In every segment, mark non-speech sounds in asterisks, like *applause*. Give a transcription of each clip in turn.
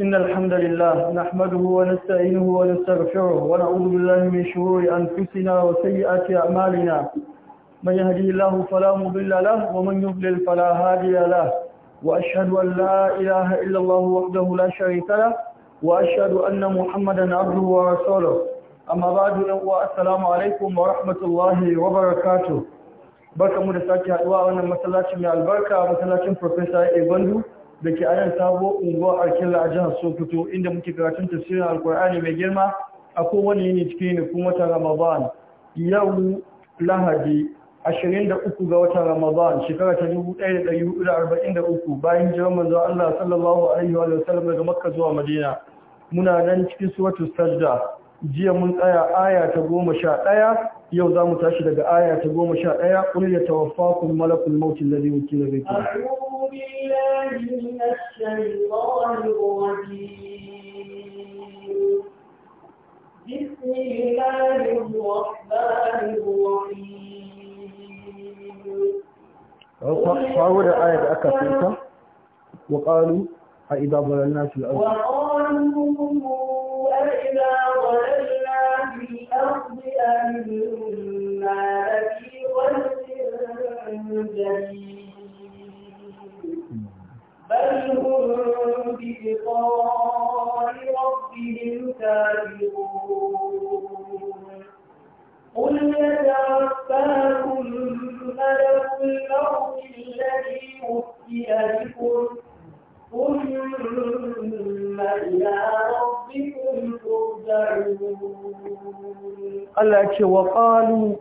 إن الحمد لله نحمده ونستعينه ونستغفره ونعوذ بالله من شرور أنفسنا وسيئات أعمالنا من يهدي الله فلا مضل له ومن يضلل فلا هادي له وأشهد أن لا إله إلا الله وحده لا شريك له وأشهد أن محمدا عبده ورسوله أما بعد السلام عليكم ورحمة الله وبركاته barkamu da sake haduwa wannan masallacin mai albarka masallacin Professor Ebandu da ke ayan sabo unguwar arkilla a jihar sokoto inda muke karatun tafsirin alkur'ani mai girma a kowane yini cikin ne kuma watan ramadan yau lahadi 23 ga wata ramadan shekara ta 1443 bayan jiran manzo Allah sallallahu alaihi wa sallam daga makka zuwa madina muna nan cikin suratul sajda jiya mun tsaya aya ta goma sha ɗaya yau zamu tashi daga aya ta goma sha ɗaya ƙulya tawaffakum malakul mautin ladhi wukila bihi بسم الله الرحمن الرحيم فأول آية وقالوا أئذا ضللنا في الأرض وقالوا أئذا ضللنا في الأرض أئنا لفي خلق جديد بل بلقاء ربهم كافرون قل يتوفاكم ملك الموت الذي وكل بكم Allah ya ce wa qalu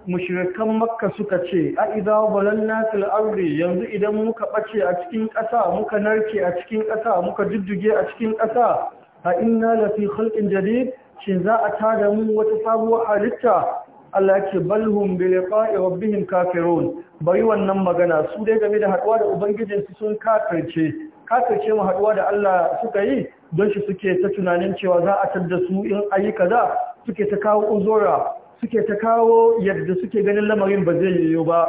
makka suka ce a idza ardi yanzu idan muka bace a cikin ƙasa muka narke a cikin ƙasa muka jujjuge a cikin ƙasa a inna la fi khalqin jadid shin za a tada mu wata sabuwar halitta Allah ya ce balhum bi liqa'i rabbihim kafirun bai wannan magana su dai game da haɗuwa da ubangijinsu sun kafirce kafirce mu haɗuwa da Allah suka yi don shi suke ta tunanin cewa za a tadda su in ayi kaza suke ta kawo uzura suke ta kawo yadda suke ganin lamarin ba zai yiwu ba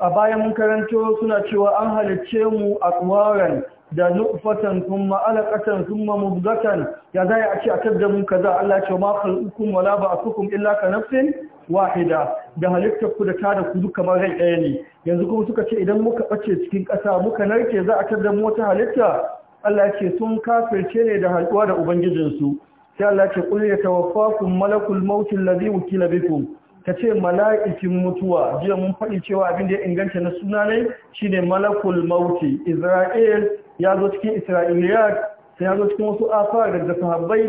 a bayan mun karanto suna cewa an halicce mu a da nufatan kuma alaƙatan kuma mubgatan ya za a ce a tabda mun kaza Allah ce ma khalqukum wala ba'thukum illa ka nafsin wahida da halittar ku da ta da ku kamar rai ɗaya ne yanzu kuma suka ce idan muka bace cikin ƙasa muka narke za a tabda mu wata halitta Allah ce sun kafirce ne da haɗuwa da ubangijinsu sai Allah ce qul yatawaffakum malakul maut alladhi wukila bikum kace mala'ikin mutuwa jiya mun faɗi cewa abin da ya inganta na suna ne shine malakul maut Isra'il ya zo cikin Isra'iliyat sai ya zo cikin wasu afar da sahabbai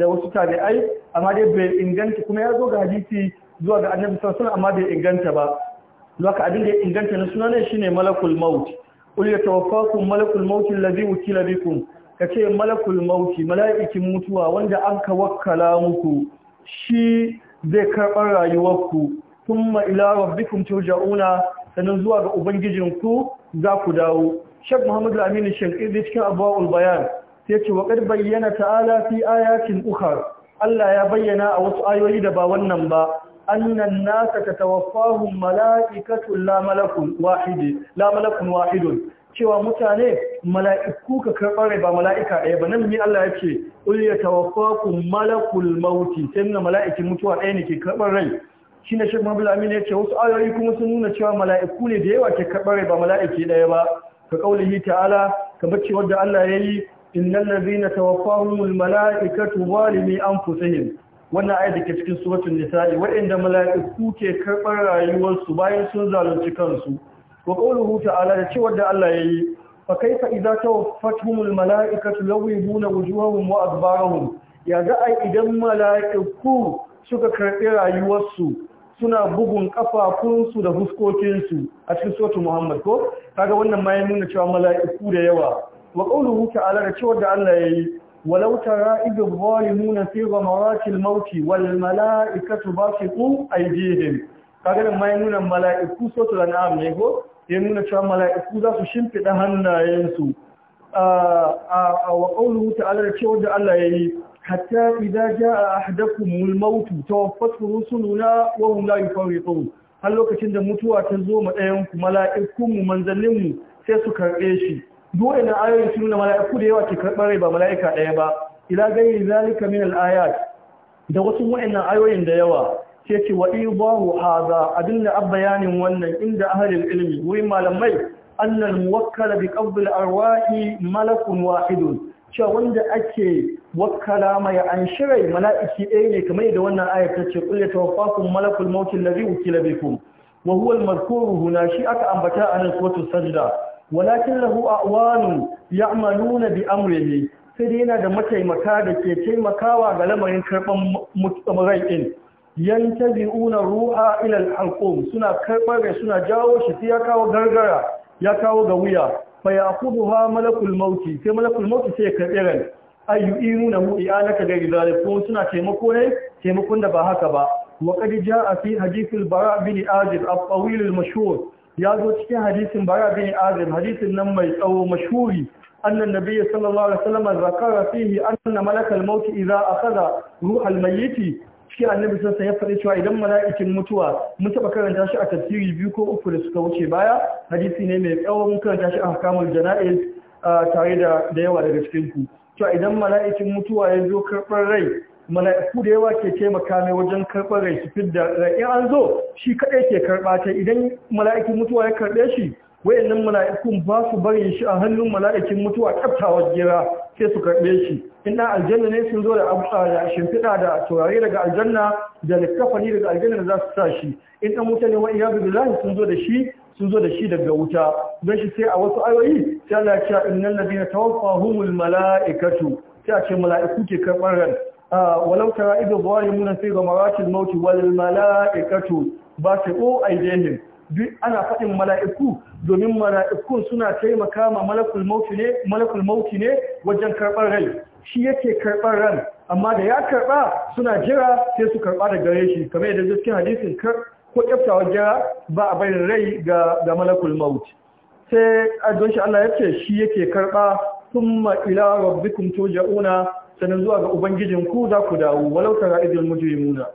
da wasu tabi'ai amma dai bai inganta kuma ya zo ga hadisi zuwa ga annabi sallallahu alaihi amma bai inganta ba ka abin da ya inganta na suna ne shine malakul maut qul yatawaffakum malakul maut alladhi wukila bikum ka ce malakul mauti mala'ikin mutuwa wanda an ka wakkala muku shi zai karɓar rayuwarku tun ma'ila rabbikun turja'una sannan zuwa ga ubangijinku za ku dawo shek muhammadu aminu shankir cikin abuwa bayan sai ce waƙar bayyana ta'ala fi ayatin ukar allah ya bayyana a wasu ayoyi da ba wannan ba annan nasa ta tawaffahun mala'ikatu la malakun wahidun cewa mutane mala'iku ka karɓare ba mala'ika ɗaya ba nan ne Allah ya ce ul ya tawaffaku malakul mauti sai nuna mala'ikin mutuwa ɗaya ne ke karɓar rai shi ne shek mabula amin ya ce wasu ayoyi kuma sun nuna cewa mala'iku ne da yawa ke karɓare ba mala'iki ɗaya ba ka kaulihi ta'ala ka ce wadda Allah ya yi innal ladhina tawaffahumul mala'ikatu zalimi anfusihim wannan ayat da ke cikin suratul nisa'i waɗanda mala'iku ke karɓar rayuwarsu bayan sun zalunci kansu wa qawluhu ta'ala da cewa da Allah yayi fa kaifa idza tawaffatuhumul mala'ikatu yawibuna wujuhahum wa adbarahum ya ga ai idan mala'iku suka karbi rayuwarsu suna bugun kafafunsu da fuskokinsu a cikin suratul Muhammad ko kaga wannan ma ya nuna cewa mala'iku da yawa wa qawluhu ta'ala da cewa da Allah yayi ولو ترى إذ الظالمون في غمرات الموت والملائكة باسطوا أيديهم kaga nan ma nuna mala'iku sotul an'am ne ko ya nuna cewa mala'iku za su shimfiɗa hannayensu a wa ƙaunuhu ta'ala da cewa da Allah ya yi hatta idan ja a ta mautu tawaffatu nuna wa hum la yufarriqun har lokacin da mutuwa ta zo ma ɗayan ku mala'ikunmu manzanninmu sai su karɓe shi dole na ayoyin su nuna mala'iku da yawa ke karɓar rai ba mala'ika ɗaya ba ila gairi zalika min al-ayat da wasu wa'annan ayoyin da yawa sai ce wa ibahu haza abin da bayanin wannan inda ahalil ilmi wuri malamai annal muwakkala bi qabl arwahi malakun wahidun cewa wanda ake wakkala mai an shirai mala'iki ɗaya ne kamar yadda wannan ayar ta ce kullu tawaffakum malakul maut allazi wukila bikum wa huwa al huna shi aka ambata a nan suratul sajda walakin lahu a'wanun ya'maluna bi amrihi sai dai yana da mataimaka da ke taimakawa ga lamarin karban rai din yantabi'una ruha ila al-halqum suna karbare suna jawo shi sai ya kawo gargara ya kawo ga wuya fa ya'khudhuha malakul mauti sai malakul mauti sai karbe ran ayyu'inuna mu i'anaka da ridalikum suna taimako ne taimakon da ba haka ba wa qad ja'a fi hadithil bara bin azib at-tawil al-mashhur ya zo cikin hadisin bara bin azib hadisin nan mai tsawo mashhuri أن النبي صلى الله عليه وسلم ذكر فيه أن ملك الموت إذا أخذ روح gaskiya annabi sassa ya faɗi cewa idan mala'ikin mutuwa mun taɓa karanta shi a tasiri biyu ko uku da suka wuce baya hadisi ne mai tsawo mun karanta shi a hakamul jana'iz tare da da yawa daga cikin ku to idan mala'ikin mutuwa ya zo karɓar rai mala'iku da yawa ke taimaka mai wajen karɓar rai su fidda rai in an zo shi kaɗai ke karɓa ta idan mala'ikin mutuwa ya karɓe shi wayannan mala'ikun ba su barin shi a hannun mala'ikin mutuwa kaftawar jira sai su karɓe shi in ina aljanna ne sun zo da shimfiɗa da turare daga aljanna da likafani daga aljanna da za su sa shi in ɗan wuta ne wa'iya billahi sun zo da shi sun zo da shi daga wuta don shi sai a wasu ayoyi sai Allah ya ce innal ladina tawaffahumul mala'ikatu sai a ce mala'iku ke karɓar ran walau tara idu zalimuna fi ghamaratil maut wal mala'ikatu basiqu oh, aydihim duk ana faɗin mala'iku domin mala'ikun suna taimaka ma malakul mauki ne wajen karɓar rai shi yake karɓar ran amma da ya karɓa suna jira sai su karɓa da gare shi kamar yadda zai hadisin ko kyaftawar jira ba a bayan rai ga malakul mauki sai adon shi Allah ya ce shi yake karɓa thumma ila rabbikum tuja'una, sanan zuwa ga ubangijinku za ku dawo walau tara idil mujrimuna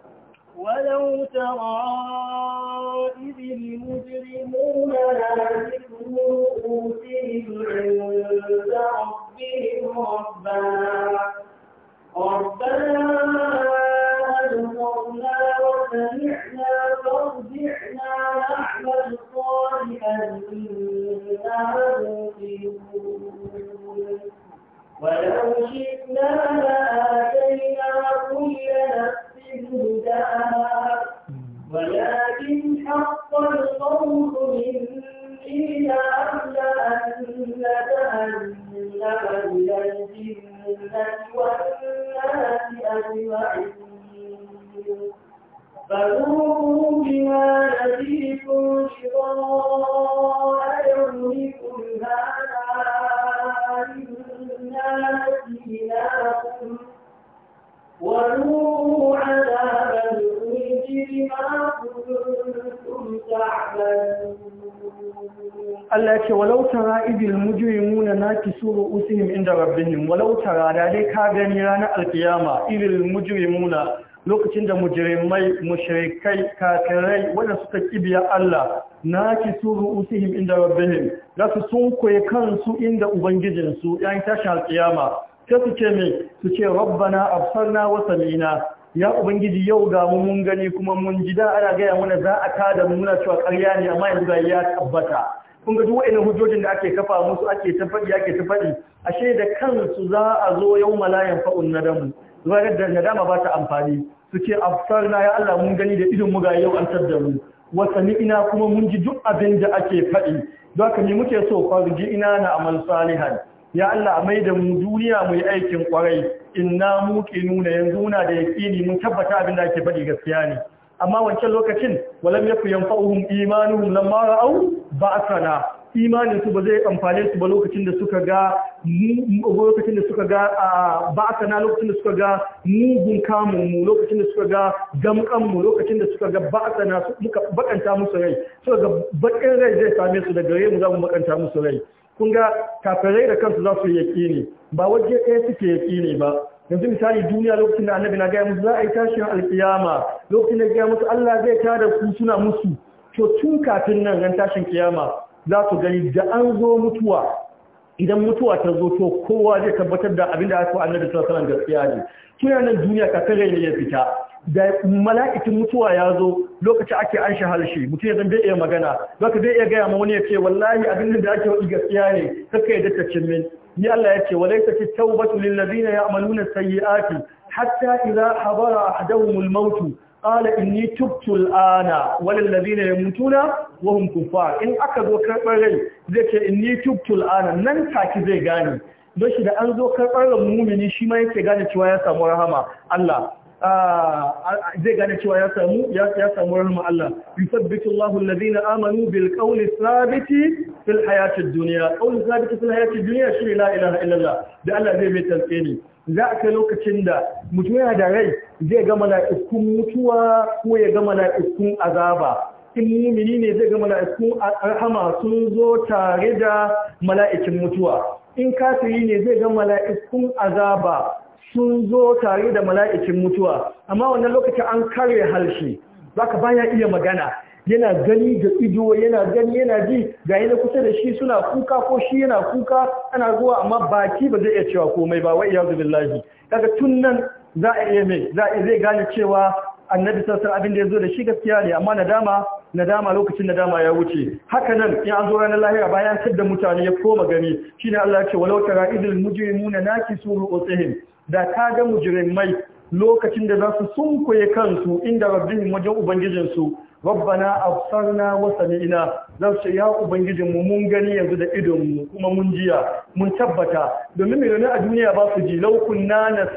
ولو ترى إذ المجرمون نازلوا رؤوسهم عند ربهم ربنا ربنا أبصرنا وسمعنا فارجعنا نعمل صالحا إنا موقنون ولو شئنا لآتينا كل نفس هداها ولكن حق القول مني لأملأن جهنم من الجنة والناس أجمعين فذوقوا بما نسيتم لقاء يومكم هذا آتيناكم وذوقوا عذاب الخلد بما كنتم تعملون Allah ce walau tara idil mujrimuna nakisu ru'usihim inda rabbihim walau tara da dai ka gani ranar alkiyama idil mujrimuna lokacin da mujrimai mushrikai kafirai wanda suka kibiya Allah na ki suru usihim inda rabbihim za su sunkuye kansu inda ubangijinsu yayin tashi alkiyama sai su ce me su ce rabbana absarna wa sami'na ya ubangiji yau ga mu mun gani kuma mun ji da ana gaya mana za a tada da muna cewa ƙarya ne amma yanzu ga ya tabbata kun ga duk wa'annan hujjojin da ake kafa musu ake ta faɗi ake ta ashe da kansu za a zo yau malayan fa'un nadamu zuwa yadda nadama ba ta amfani su ce na ya Allah mun gani da idon mu ga yau an tadda mu ni ina kuma mun ji duk abin da ake faɗi don haka ni muke so farji ina na amal salihan ya Allah mai da mu duniya mu yi aikin kwarai inna muqinu nuna yanzu na da yaqini mun tabbata abin da ake faɗi gaskiya ne amma wancan lokacin walam yakun yanfa'uhum imanuhum lamma ra'aw ba'sana imanin su ba zai amfane su ba lokacin da suka ga mu lokacin da suka ga ba'aka na lokacin da suka ga mugun kamun mu lokacin da suka ga gamkan mu lokacin da suka ga ba'aka na muka bakanta musu rai suka ga bakin rai zai same su da gare mu za mu bakanta musu rai kun ga kafirai da kansu za su yi ne ba waje ɗaya suke yaki ne ba yanzu misali duniya lokacin da annabi na gaya musu za a yi tashin alkiyama lokacin da gaya musu Allah zai tada su suna musu to tun kafin nan ran tashin kiyama za su gani da an zo mutuwa idan mutuwa ta zo to kowa zai tabbatar da abinda aka wa da sallallahu gaskiya ne kina nan duniya kafin rai ne ya fita da mala'ikin mutuwa ya zo lokacin ake an harshe mutum ya zambe iya magana zaka zai iya gaya ma wani ya ce wallahi abin da ake wani gaskiya ne kaka ta cin min ni Allah ya ce walaita fi tawbatu lil ladina ya'maluna sayyi'ati hatta idza habara ahaduhum al-maut yi inni tubtu al'ana ya ladina yamutuna wa hum kuffar in aka zo karbar rai zai ce inni tubtu al'ana nan take zai gane don shi da an zo karbar ran mumini shi ma yake gane cewa ya samu rahama Allah zai gane cewa ya samu ya samu rahama Allah yusabbitu Allahu alladhina amanu bil qawli thabiti fil hayatid dunya qawli thabiti fil shi ilaha illallah da Allah zai mai tantsi za a kai lokacin da mutum yana da rai zai ga mala'ikun mutuwa ko ya ga mala'ikun azaba in mumini ne zai ga mala'ikun arhama sun zo tare da mala'ikin mutuwa in kafiri ne zai ga mala'ikun azaba sun zo tare da mala'ikin mutuwa amma wannan lokacin an kare halshe zaka baya iya magana yana gani da ido yana gani yana ji ga yana kusa da shi suna kuka ko shi yana kuka ana zuwa amma baki ba zai iya cewa komai ba ya iyazu billahi daga tun nan za a iya mai za a zai gane cewa annabi sassan abin da ya zo da shi gaskiya ne amma nadama nadama lokacin nadama ya wuce haka nan in an zo ranar lahira bayan tar da mutane ya koma gani shine Allah ya ce walau tara idil mujrimuna nakisu ru'usihim da ga mujrimai lokacin da za su sunkuye kansu inda rabbihim wajen ubangijinsu rabbana absarna wa sami'na za su ya ubangijin mu mun gani yanzu da idonmu kuma mun jiya mun tabbata domin mai a duniya ba su ji law kunna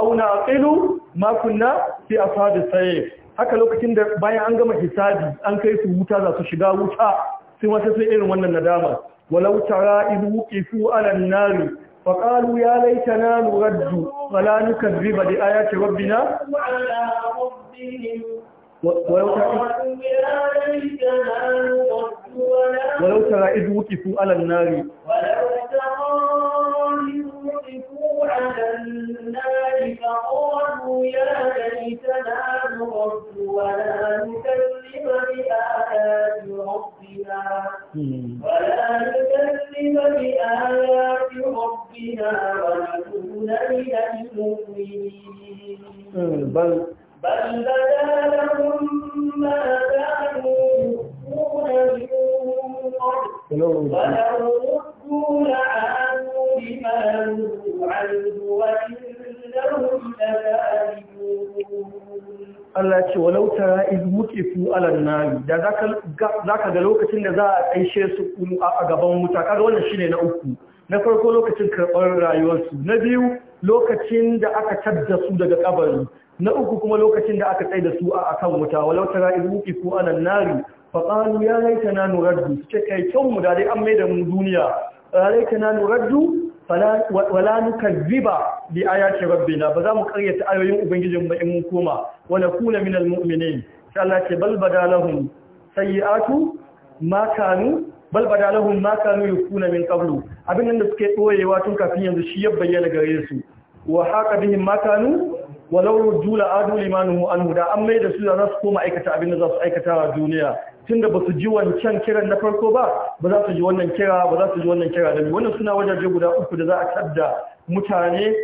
auna a tsilu ma kunna fi ashabis saye haka lokacin da bayan an gama hisabi an kai su wuta za su shiga wuta sai wata sai irin wannan nadama walau tara ibu ifu ala nari فقالوا يا ليتنا نرد ولا نكذب بآيات ربنا ولو ترى إذ وقفوا على النار ولو ترى أمرقوا على النار فقالوا يا ليتنا نرد ولا نكذب بآيات ربنا ولا نكذب بآيات ربنا ونكون من المؤمنين بل Allah ce walau tara muke muqifu ala an da zaka ga lokacin da za a aishe su a gaban wuta kaga wannan shine na uku na farko lokacin karɓar rayuwarsu na biyu lokacin da aka tadda su daga kabari na uku kuma lokacin da aka tsaye da su a kan wuta walau tara rufi ko anan nari faƙalu ya laita na nuraddu suke kai mu da dai an da mu duniya ya laita na nuraddu wala nukazziba bi ayati rabbina ba za mu karyata ayoyin ubangijin ba in mun koma wala kuna min mu'minin sai ce bal badalahum sayyi'atu ma kanu bal badalahum ma kanu min qablu abin da suke doyewa tun kafin yanzu shi ya bayyana gare su wa haka bihim ma walau rujju adu limanu anhu da an mai da su za su koma aikata abin da za su aikata a duniya tunda ba su ji wancan kiran na farko ba ba za su ji wannan kira ba za su ji wannan kira da wannan suna wajaje guda uku da za a tadda mutane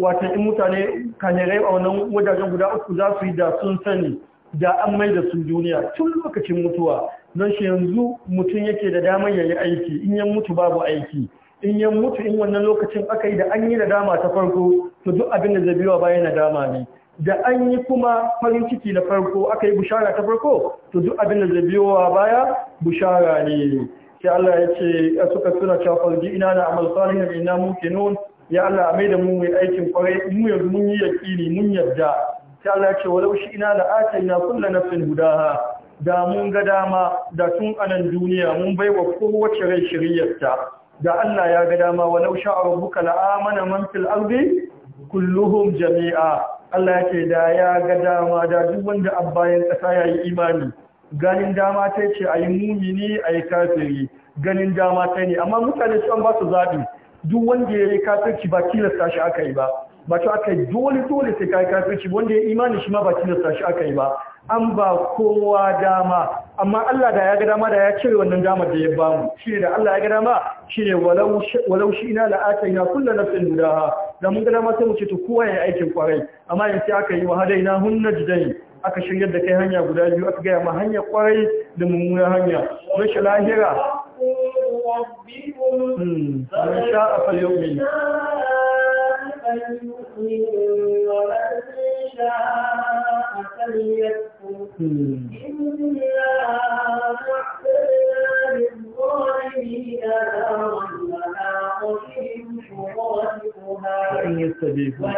wato in mutane a wannan wajajen guda uku za su yi da sun sani da an mai da su duniya tun lokacin mutuwa don shi yanzu mutum yake da damar yayi aiki in ya mutu babu aiki in ya mutu in wannan lokacin aka yi da an yi nadama ta farko to duk abin da zai biyo bayan nadama ne da an yi kuma farin ciki na farko aka yi bushara ta farko to duk abin da zai baya bushara ne sai Allah ya ce suka suna cewa farji ina na amal salihin ina nun ya Allah a maida mu mai aikin kwarai mu yanzu mun yi yakini mun yarda sai Allah ya ce walau shi ina la ataina kullu nafsin hudaha da mun ga dama da tun anan duniya mun baiwa kowace rai shiriyarta da Allah ya ga dama wa lau sha'a rabbuka la'amana man fil ardi kulluhum jami'a Allah yake da ya ga dama da duk wanda abbayan kasa yayi imani ganin dama ta ce ayi mumini ayi kafiri ganin dama ta ne amma mutane sun ba su zabi duk wanda yayi kafirci ba tilasta shi aka yi ba ba to aka dole dole sai kai kafirci wanda ya imani shi ma ba tilasta shi aka yi ba an ba kowa dama amma Allah da ya ga dama da ya cire wannan damar da ya bamu shine da Allah ya ga dama shine walau walau shi ina la ataina kullu nafsin hudaha da mun ga dama sai mu ce to kowa ya aikin kwarai amma yanzu aka yi wa hadaina hunna jidain aka shiryar da kai hanya guda biyu aka gaya ma hanya kwarai da mummuna hanya rashin lahira من hmm. شاء فليكفر إنا أعتدنا للظالمين نارا وحاق بهم حرائقها وإن يستجيبوا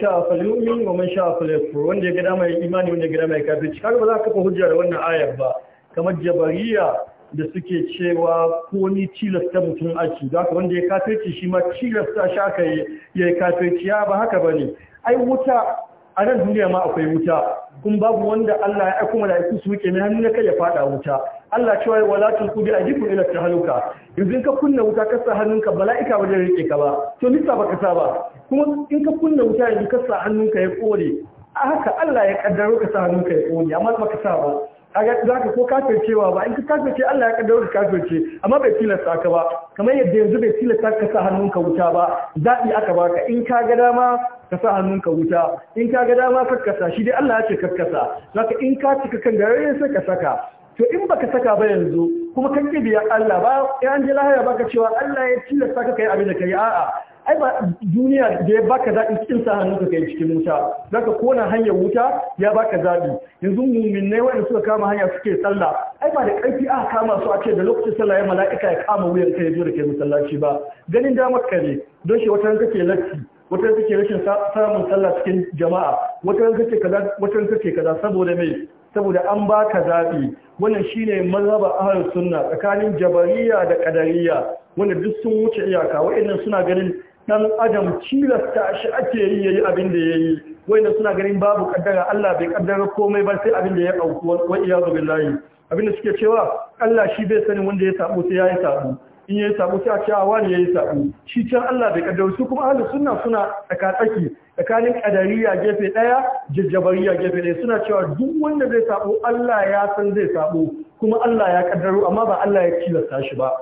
sha'a falyumin wa man sha'a wanda ya gada mai imani wanda ya gada mai kafirci kaga ba za ka kafa hujjar wannan ayar ba kamar jabariya da suke cewa ko ni tilasta mutum aiki za ka wanda ya kafirci shi ma cilasta shi aka yi ya kafirci ya ba haka bane ai wuta a nan duniya ma akwai wuta kun babu wanda Allah ya aiko mala'iku su wuce ne hannu na kai ya fada wuta Allah cewa wala tulqu bi ajikum ila tahaluka yanzu ka kunna wuta ka sa hannunka bala'ika wajen rike ka ba to nisa baka sa ba kuma in ka kunna wuta yanzu ka sa hannunka ya kore a haka Allah ya kaddaro ka sa hannunka ya kore amma baka sa ba kaga zaka ko kafircewa ba in ka kafirce Allah ya kaddaro ka kafirce amma bai tilasta ka ba kamar yadda yanzu bai tilasta ka sa hannunka wuta ba zabi aka baka in ka ga dama ka sa hannunka wuta in ka ga dama kakkasa shi dai Allah ya ce kakkasa zaka in ka cika kan garayen sai ka saka to in baka saka ba yanzu kuma kan ya Allah ba ya an ji lahaya baka cewa Allah ya cilasta saka kai abin da kai a'a ai ba duniya da ya baka zabi cikin sa hannunka kai cikin wuta zaka kona hanyar wuta ya baka zaɓi yanzu muminai wanda suka kama hanya suke sallah ai ba da karfi aka kama su a ce da lokacin sallah ya mala'ika ya kama wuyan kai ya da kai masallaci ba ganin damar kare don shi wata kake latti wata take rashin samun sallah cikin jama'a wata take kaza wata kaza saboda me saboda an baka zabi wannan shine mazhaba ahlus sunna tsakanin jabariya da qadariyya wanda duk sun wuce iyaka wayannan suna ganin dan adam cilasta shi ake yi yayi abin da yayi wayannan suna ganin babu kaddara Allah bai kaddara komai ba sai abin da ya auku wa iyyazu billahi abin da suke cewa Allah shi bai sani wanda ya sabo sai ya yi sabo in yi sabo sai a ce ya yi sabu shi can Allah bai kaddara su kuma ahlus sunna suna tsakatsaki tsakanin kadariya gefe daya jajjabariya gefe daya suna cewa duk wanda zai sabo Allah ya san zai sabu kuma Allah ya kaddaro amma ba Allah ya tilasta shi ba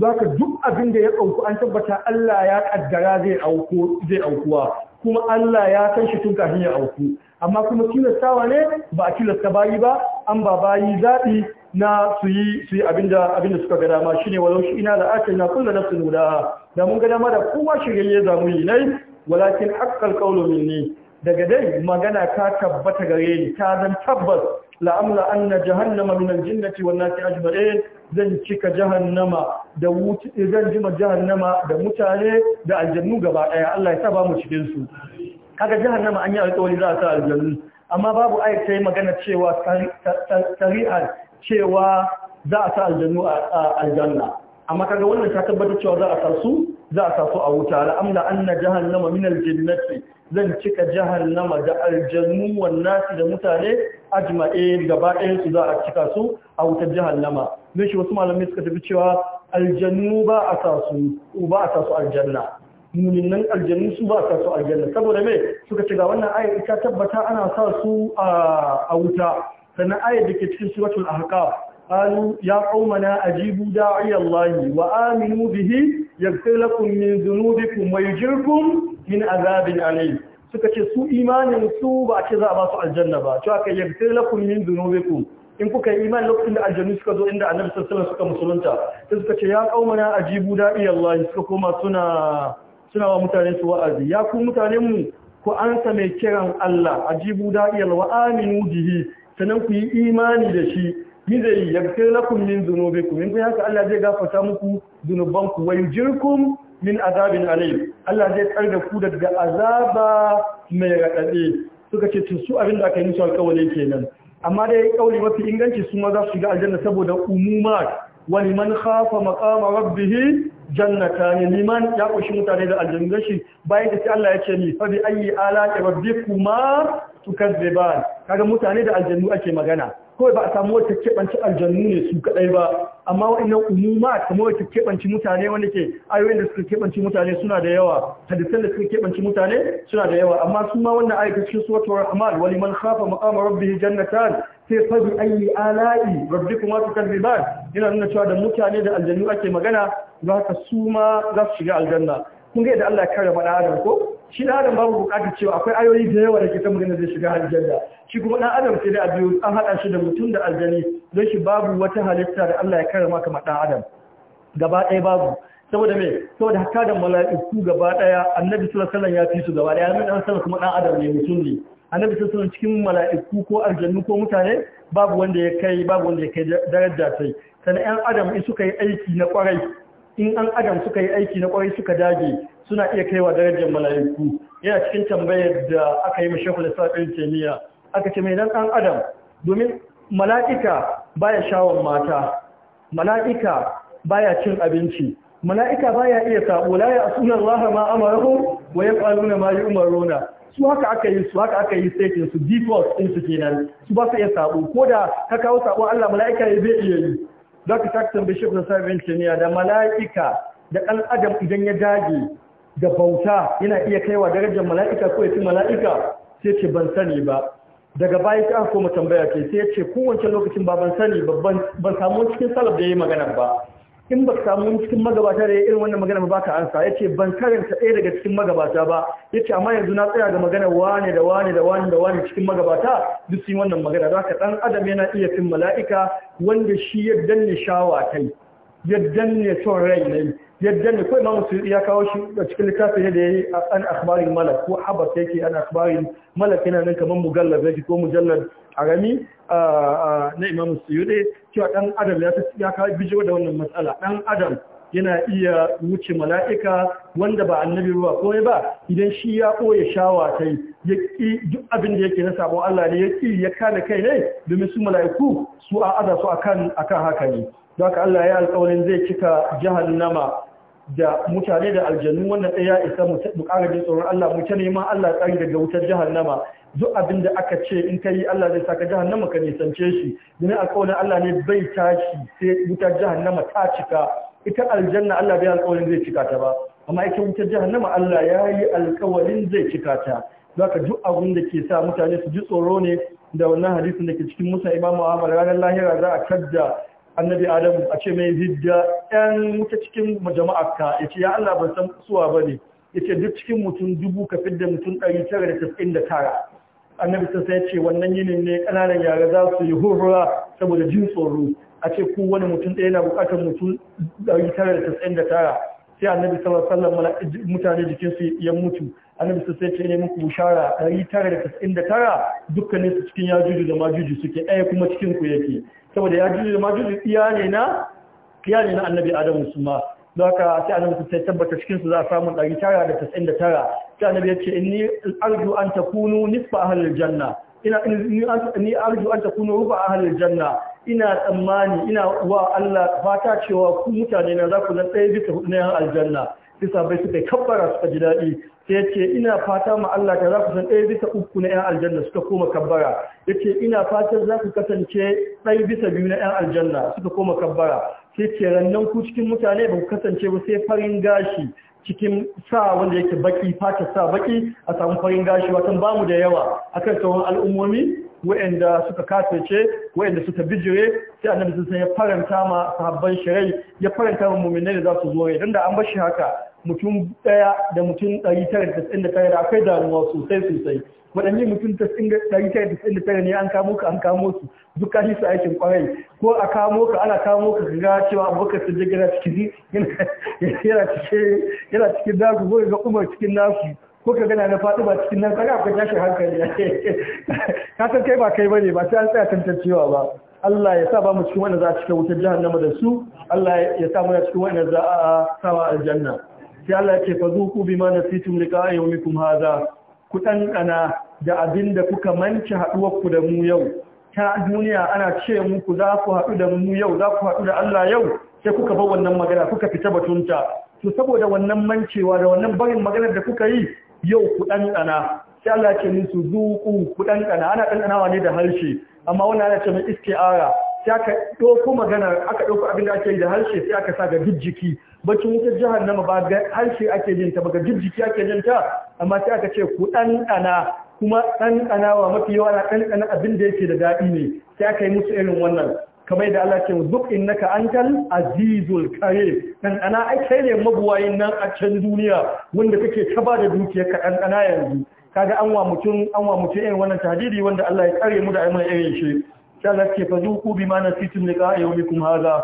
zaka duk abin da ya auku an tabbata Allah ya kaddara zai auku zai aukuwa kuma Allah ya san shi tun kafin ya auku amma kuma tilastawa ne ba a tilasta bayi ba an ba bayi zaɓi na su yi su suka ga dama shine walau shi ina la na kullu na hudaha da mun ga dama da kowa shirye za mu yi nai walakin haqqal qawlu minni daga dai magana ta tabbata gare ni ta zan tabbas la amla anna jahannama min wannan wan nasi ajma'in zan cika jahannama da wuti. zan jima jahannama da mutane da aljannu gaba daya Allah ya saba mu cikin su kaga jahannama an yi alƙawari za a sa aljannu amma babu ayat sai magana cewa tarihan cewa za a sa aljannu a aljanna amma kaga wannan ta tabbatar cewa za a sa su za a sa su a wuta la'amla anna jahannama min aljannati zan cika jahannama da aljannu wan nasi da mutane ajma'e gaba ɗaya su za a cika su a wutar jahannama don shi wasu malamai suka tafi cewa aljannu ba a sa su ba a sa su aljanna nan aljannu su ba sa su aljanna saboda me suka ce ga wannan ayar ta tabbata ana sa su a wuta sannan ayar da ke cikin suratul ahqaf qalu ya qaumana ajibu da'i Allah wa aminu bihi yaghfir lakum min dhunubikum wa yujirkum min azabin alim suka ce su imanin su ba a ce za a ba su aljanna ba cewa kai yaghfir lakum min dhunubikum in kuka yi iman lokacin da aljanu suka zo inda annabi sallallahu suka musulunta sai suka ce ya qaumana ajibu da'i Allah suka koma suna suna wa mutane su wa'azi ya ku mutanen mu ku ansa mai kiran Allah ajibu da'i Allah wa aminu bihi sannan ku yi imani da shi min zai yaghfir lakum min ku. in haka Allah zai gafarta muku ku. Wai jirkum min azabin alayhi Allah zai tsar da ku daga azaba mai raɗaɗe suka ce tun su abin da aka yi musu alƙawari kenan amma dai kauli mafi inganci su ma za su shiga aljanna saboda umumat wa liman khafa maqama rabbih jannatan liman ya ƙunshi mutane da aljanna shi bayan da sai Allah ya ce ni fa bi ayyi ala rabbikuma tukazziban kaga mutane da aljannu ake magana kawai ba a samu wata keɓanci aljannu ne su kaɗai ba amma wa'annan umuma kamar wata keɓanci mutane wanda ke ayoyin da suka keɓanci mutane suna da yawa hadisan da suka keɓanci mutane suna da yawa amma su ma wannan ayata cikin suratul rahman Wani man hafa maqama rabbih jannatan sai fa bi ayyi ala'i su wa tukazziban yana nuna cewa da mutane da aljannu ake magana za ka su ma za su shiga aljanna kun ga yadda Allah ya kare mana adam ko shi da adam babu bukatar cewa akwai ayoyi da yawa da ke ta magana zai shiga aljanna shi kuma dan adam sai da a biyo an hada shi da mutum da aljani don shi babu wata halitta da Allah ya kare maka ma dan adam gaba ɗaya babu saboda me saboda hatta da mala'iku gaba ɗaya annabi sallallahu alaihi wasallam ya fi su gaba ɗaya annabi sallallahu kuma dan adam ne mutum ne annabi sallallahu alaihi cikin mala'iku ko aljannu ko mutane babu wanda ya kai babu wanda ya kai daraja sai sannan ɗan adam in suka yi aiki na kwarai in an adam suka yi aiki na kwarai suka dage suna iya kaiwa darajar mala'iku yana cikin tambayar da aka yi mashahul ɗin teniya aka ce mai nan an adam domin mala'ika baya shawon mata mala'ika baya cin abinci mala'ika baya iya sabo la ya sunan Allah ma amarahu wa yaqaluna ma yu'maruna su haka aka yi su haka aka yi setting su default din su kenan su ba su iya sabo koda ka kawo sabo Allah mala'ika ya zai iya yi za ka sake tambayi shekul sabin tuniya da mala'ika da ɗan idan ya dage da bauta yana iya kaiwa darajar mala'ika ko ya mala'ika sai ce ban sani ba daga baya ta aka koma tambaya ce sai ya ce kowace lokacin ba ban sani ba ban samu cikin salaf da ya yi magana ba in ba samu wani cikin magabata da ya irin wannan magana ba ka ansa ya ce ban karanta ɗaya daga cikin magabata ba ya ce amma yanzu na tsaya ga magana wane da wane da wane da wane cikin magabata duk sun wannan magana za ka ɗan adam yana iya fin mala'ika wanda shi ya danne shawa kai ya danne son rai ne ya danne kawai ma musu ya kawo shi a cikin littafi ne da ya yi an akhbarin malak ko ta yake an akhbarin malak yana nan kamar mujallar ko mujallar harami na imam suyude cewa ɗan adam ya kawo bijiyo da wannan matsala ɗan adam yana iya wuce mala'ika wanda ba annabi ruwa komai ba idan shi ya ɓoye shawa ta yi ya ƙi duk abin da yake na sabon Allah ne ya ƙi ya kada kai ne domin su mala'iku su a su akan akan haka ne. Za ka Allah ya alƙawarin zai cika jahannama da mutane da aljannu wannan ɗaya isa mu ƙara jin tsoron Allah mu ta neman Allah tsari daga wutar jahannama duk abin da aka ce in ka yi Allah zai saka jahannama ka nisance shi domin alƙawarin Allah ne bai tashi sai wutar jahannama ta cika ita aljanna Allah bai alƙawarin zai cika ta ba amma ita wutar jahannama Allah ya yi alƙawarin zai cika ta zaka duk abin da ke sa mutane su ji tsoro ne da wannan hadisin da ke cikin musa imamu Ahmad ranar lahira za a kadda annabi adam a ce mai hidda ɗan wuta cikin jama'arka ya ce ya Allah ban san suwa ba ne ya ce duk cikin mutum dubu ka fidda mutum ɗari tara da tasirin da tara annabi sun sai ce wannan yinin ne ƙananan yara za su yi hurra saboda jin tsoro a ce ku wani mutum ɗaya na buƙatar mutum ɗari tara da tasirin da tara sai annabi sallallahu alaihi wasallam mutane jikinsu ya mutu annabi sun sai ce ne muku bushara tara dukkanin su cikin yajuju da majuju suke ɗaya kuma cikin ku yake saboda ya juju da ya ne na iya ne na annabi adamu su ma don haka sai annabi sai tabbata cikin su za a samu 999 sai annabi ya ce inni arju an takunu a ahlil janna ni arju an ta kunu takunu a ahlil janna ina tsammani ina wa Allah fata cewa ku mutane na za ku zan ɗaya bisa hudu na yan aljanna bisa bai su suka kabbara su ji daɗi sai ce ina fata ma Allah ta za ku san ɗaya bisa uku na 'yan aljanna suka koma kabbara yace ina fata za ku kasance ɗaya bisa biyu na 'yan aljanna suka koma kabbara sai ce rannan ku cikin mutane ba ku kasance ba sai farin gashi cikin sa wanda yake baki fata sa baki a samu farin gashi watan bamu da yawa akan sauran al'ummomi wa'anda suka kasance wa'anda suka bijire sai annabi sun san ya faranta ma sahabban shirai ya faranta ma mu'minai da za su zo don da an bar shi haka mutum ɗaya da mutum 999 da akwai damuwa sosai sosai waɗanne mutum 999 ne an kamo ka an kamo su duk kashi su aikin kwarai ko a kamo ka ana kamo ka ga cewa abokan sun jirgin na cikin yana cikin nasu ko ga umar cikin nasu ko ka gana na faɗi ba cikin nan kaga akwai tashin hankali *laughs* ka san kai ba kai bane ba sai an tsaya tantancewa ba Allah ya sa ba mu cikin wanda za a cika wutar jahannama da su Allah ya sa mu cikin wanda za a sawa aljanna sai Allah ce fa zuku bima nasitum liqa'a yawmikum hadha ku kana da abin da kuka manci ku da mu yau ta duniya ana ce muku za ku haɗu da mu yau za ku haɗu da Allah yau sai kuka bar wannan magana kuka fita batunta to saboda wannan mancewa da wannan barin maganar da kuka yi yau ku kana sai Allah ce musu zuku ku ɗanɗana ana ɗanɗanawa ne da harshe amma wannan ana ce mai isti'ara sai aka doko magana aka doko abin da ake yi da harshe sai aka sa ga jiki bacin wutar jahannama ba ga harshe ake jin ta ba ga jijjiki ake jin ta amma sai aka ce ku ɗanɗana kuma ɗanɗana wa mafi yawa na ɗanɗana abin da yake da daɗi ne sai aka yi musu irin wannan kamar da Allah ce duk innaka antal azizul kare ɗanɗana ai kai ne mabuwayin nan a can duniya wanda kake taba da dukiyar ka ɗanɗana yanzu kaga an wa mutum an wa mutum irin wannan tahdidi wanda Allah ya kare mu da aiman irin shi sai Allah ce fa zuqu bima nasitum liqa'a yawmikum hadha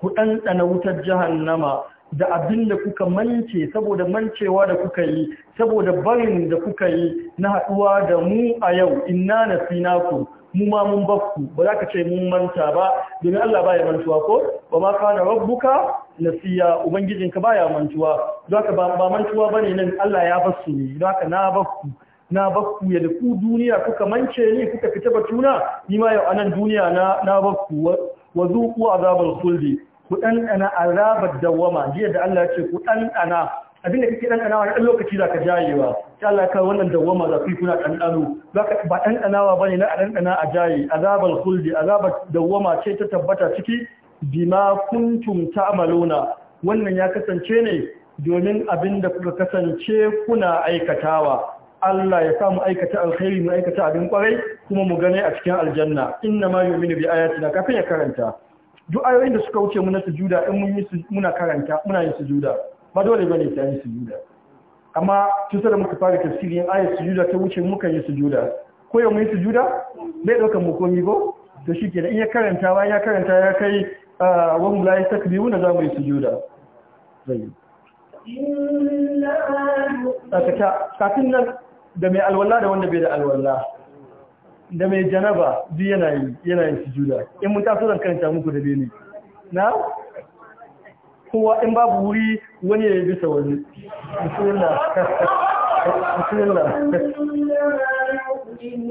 ku ɗanɗana wutar nama. da abin da kuka mance saboda mancewa da kuka yi saboda barin da kuka yi na haɗuwa da mu a yau inna na sinaku mu ma mun bakku ba za ka ce mun manta ba domin Allah baya mantuwa ko ba ma kana rabbuka nasiya ubangijinka ya mantuwa Za ka ba mantuwa bane nan Allah ya su ne za ka na bakku na bakku ya da ku duniya kuka mance ni kuka fita batuna ni ma yau anan duniya na na bakku wa zuku azabal khuldi ku dan ana azabar dawama jiya da Allah ya ce ku dan ana abin da kake dan ana wani lokaci zaka jayewa sai Allah ka wannan dawama za ku yi kuna dan dano zaka ba dan bane na dan ana a jaye azabal khuldi azabar dawama ce ta tabbata ciki bima kuntum ta'maluna wannan ya kasance ne domin abin da kuka kasance kuna aikatawa Allah ya samu aikata alkhairi mu aikata abin kwarai kuma mu gane a cikin aljanna inna ma yu'minu bi ayatina kafin ya karanta duk ayoyin da suka wuce muna sujuda in mun yi muna karanta muna yin sujuda ba dole bane sai yi sujuda amma tun da muka fara tafsirin ayat sujuda ta wuce muka yi sujuda ko yau mun yi sujuda bai dauka mu komi ko to shikenan in ya karanta bayan ya karanta ya kai ah, wa hum la yastakbiruna za mu yi sujuda zai kafin nan da mai alwallah da wanda bai da alwallah da mai janaba duk yana yi yana yin sujuda in mun taso zan karanta muku da bene na kowa in babu wuri wani ya bisa wani bismillah *laughs* bismillah يؤمن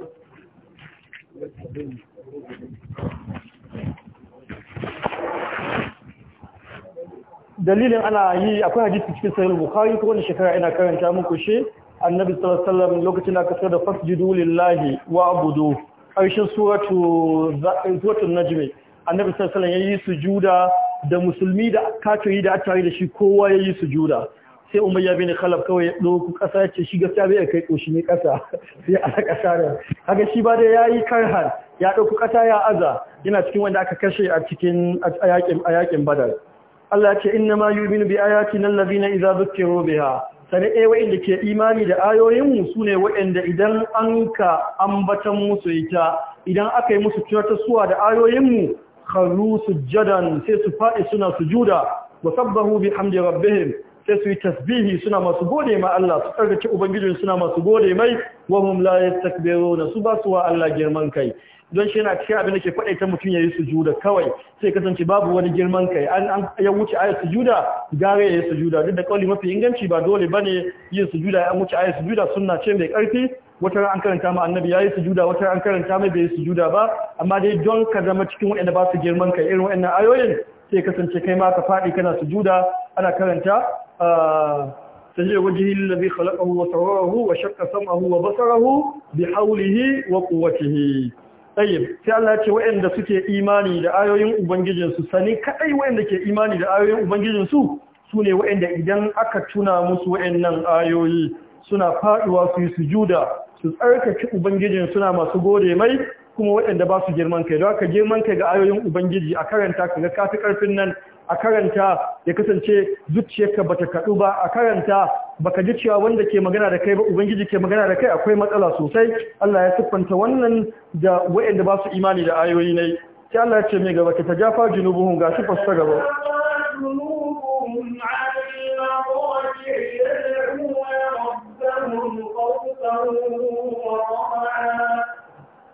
dalilin ana yi akwai hadisi cikin sahih bukhari ko wani shekara ina karanta muku shi annabi sallallahu alaihi wasallam lokacin da kasar da fasjudu lillahi wa abudu karshen suratu suratu najm annabi sallallahu alaihi wasallam yayi sujuda da musulmi da kafiri da atari da shi kowa yayi sujuda sai ya bini khalaf kawai ya ɗauku ƙasa ce shi gaskiya bai kai ƙoshi ne ƙasa *laughs* sai a ƙasa da haka shi ba da ya yi karhan ya ɗauku ƙasa ya aza yana cikin wanda aka kashe a cikin ayakin yaƙin badar Allah ce inna ma nan bi ayatina allazina idza zukkiru biha sane eh wa'inda ke imani da ayoyin mu sune wa'inda idan an ka ambatan musu ita idan aka yi musu suwa da ayoyin mu kharru sujjadan sai su faɗi suna sujuda wasabbahu bihamdi rabbihim sai su yi tasbihi suna masu gode ma Allah su tsarkake ubangijin suna masu gode mai wa hum la yastakbiruna su ba su wa Allah girman kai don shi yana cikin abin da ke faɗa ta mutum ya yi sujuda kawai sai kasance babu wani girman kai an ya wuce ayat sujuda gare ya yi sujuda duk da kauli mafi inganci ba dole bane yin sujuda an wuce ayat sujuda sunna ce mai karfi wata ran an karanta ma annabi yayi sujuda wata ran an karanta mai bai sujuda ba amma dai don ka zama cikin waɗanda ba su girman kai irin wannan ayoyin sai kasance kai ma ka faɗi kana sujuda ana karanta سجل وجهه الذي خلقه وسواه وشق سمعه وبصره بحوله وقوته tayyib sai Allah ce waɗanda suke imani da ayoyin ubangijinsu sani kadai waɗanda ke imani da ayoyin ubangijinsu su ne waɗanda idan aka tuna musu waɗannan ayoyi suna faduwa su yi sujuda su tsarkake ubangijin suna masu gode mai kuma waɗanda ba su girman kai don haka girman kai ga ayoyin ubangiji a karanta ka kafi karfin nan a karanta ya kasance zuciyarka bata kaɗu ba a karanta baka ji cewa wanda ke magana da kai ba ubangiji ke magana da kai akwai matsala sosai Allah ya siffanta wannan da waɗanda ba su imani da ayoyi ne sai Allah ya ce mai gaba ka tajafa junubuhum ga su fasta gaba